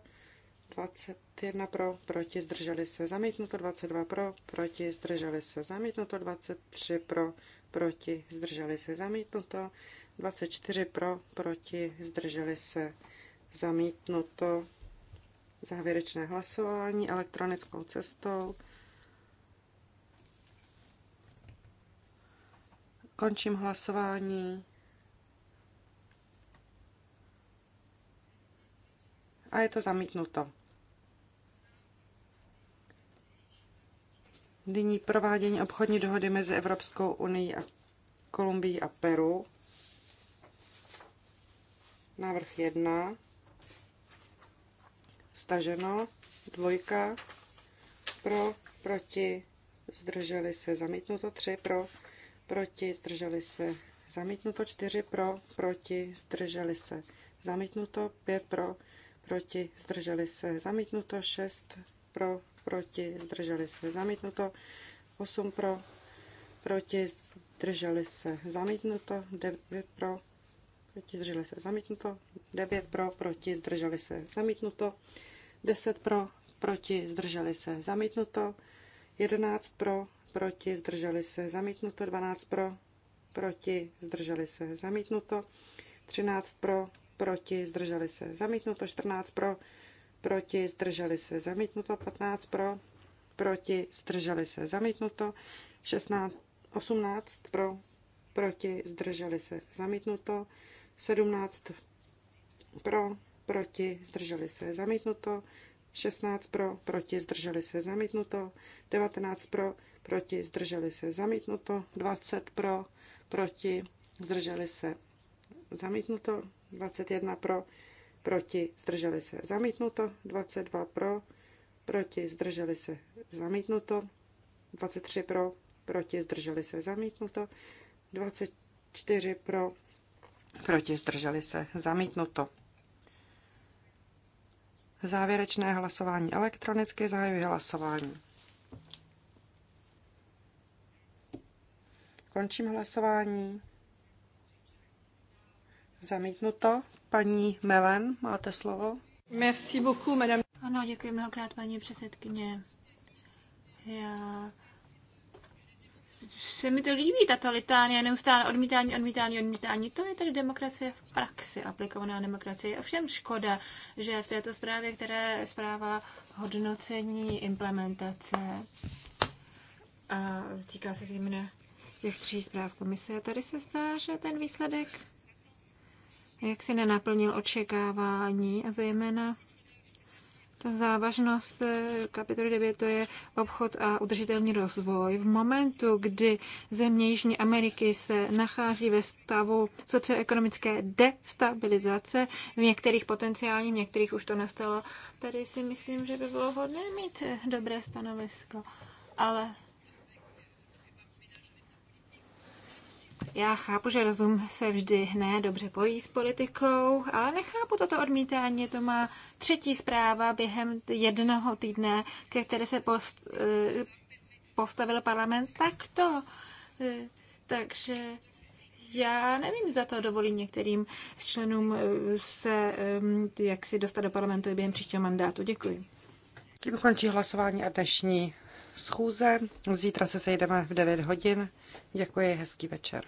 21 pro, proti, zdrželi se, zamítnuto. 22 pro, proti, zdrželi se, zamítnuto. 23 pro, proti, zdrželi se, zamítnuto. 24 pro, proti, zdrželi se, zamítnuto. Závěrečné hlasování elektronickou cestou. Končím hlasování. a je to zamítnuto. Nyní provádění obchodní dohody mezi Evropskou unii a Kolumbií a Peru. Návrh 1. Staženo. Dvojka. Pro, proti, zdrželi se, zamítnuto. 3. Pro, proti, zdrželi se, zamítnuto. 4. Pro, proti, zdrželi se, zamítnuto. 5. Pro, proti, zdrželi se, zamítnuto, 6 pro, proti, zdrželi se, zamítnuto, 8 pro, proti, zdrželi se, zamítnuto, 9 pro, proti, zdrželi se, zamítnuto, 9 pro, proti, zdrželi se, zamítnuto, 10 pro, proti, zdrželi se, zamítnuto, 11 pro, proti, zdrželi se, zamítnuto, 12 pro, proti, zdrželi se, zamítnuto, 13 pro, proti, zdrželi se, zamítnuto 14 pro, proti, zdrželi se, zamítnuto 15 pro, proti, zdrželi se, zamítnuto 16, 18 pro, proti, zdrželi se, zamítnuto 17 pro, proti, zdrželi se, zamítnuto 16 pro, proti, zdrželi se, zamítnuto 19 pro, proti, zdrželi se, zamítnuto 20 pro, proti, zdrželi se, zamítnuto 21 pro, proti, zdrželi se, zamítnuto, 22 pro, proti, zdrželi se, zamítnuto, 23 pro, proti, zdrželi se, zamítnuto, 24 pro, proti, zdrželi se, zamítnuto. Závěrečné hlasování elektronicky zahajuje hlasování. Končím hlasování. Zamítnuto. Paní Melen, máte slovo. Merci beaucoup, madame. Ano, děkuji mnohokrát, paní předsedkyně. Já... Se mi to líbí, tato litánie, neustále odmítání, odmítání, odmítání. To je tedy demokracie v praxi, aplikovaná demokracie. Je ovšem škoda, že v této zprávě, která je zpráva hodnocení implementace, a týká se zejména těch tří zpráv komise, tady se zdá, že ten výsledek jak si nenaplnil očekávání a zejména ta závažnost eh, kapitoly 9 to je obchod a udržitelný rozvoj. V momentu, kdy země Jižní Ameriky se nachází ve stavu socioekonomické destabilizace, v některých potenciálních, v některých už to nastalo, tady si myslím, že by bylo hodné mít eh, dobré stanovisko. Ale Já chápu, že rozum se vždy ne dobře pojí s politikou, ale nechápu toto odmítání. To má třetí zpráva během jednoho týdne, ke které se post, eh, postavil parlament takto. Eh, takže já nevím, za to dovolí některým členům eh, se jak si dostat do parlamentu i během příštího mandátu. Děkuji. Tím končí hlasování a dnešní schůze. Zítra se sejdeme v 9 hodin. Děkuji, hezký večer.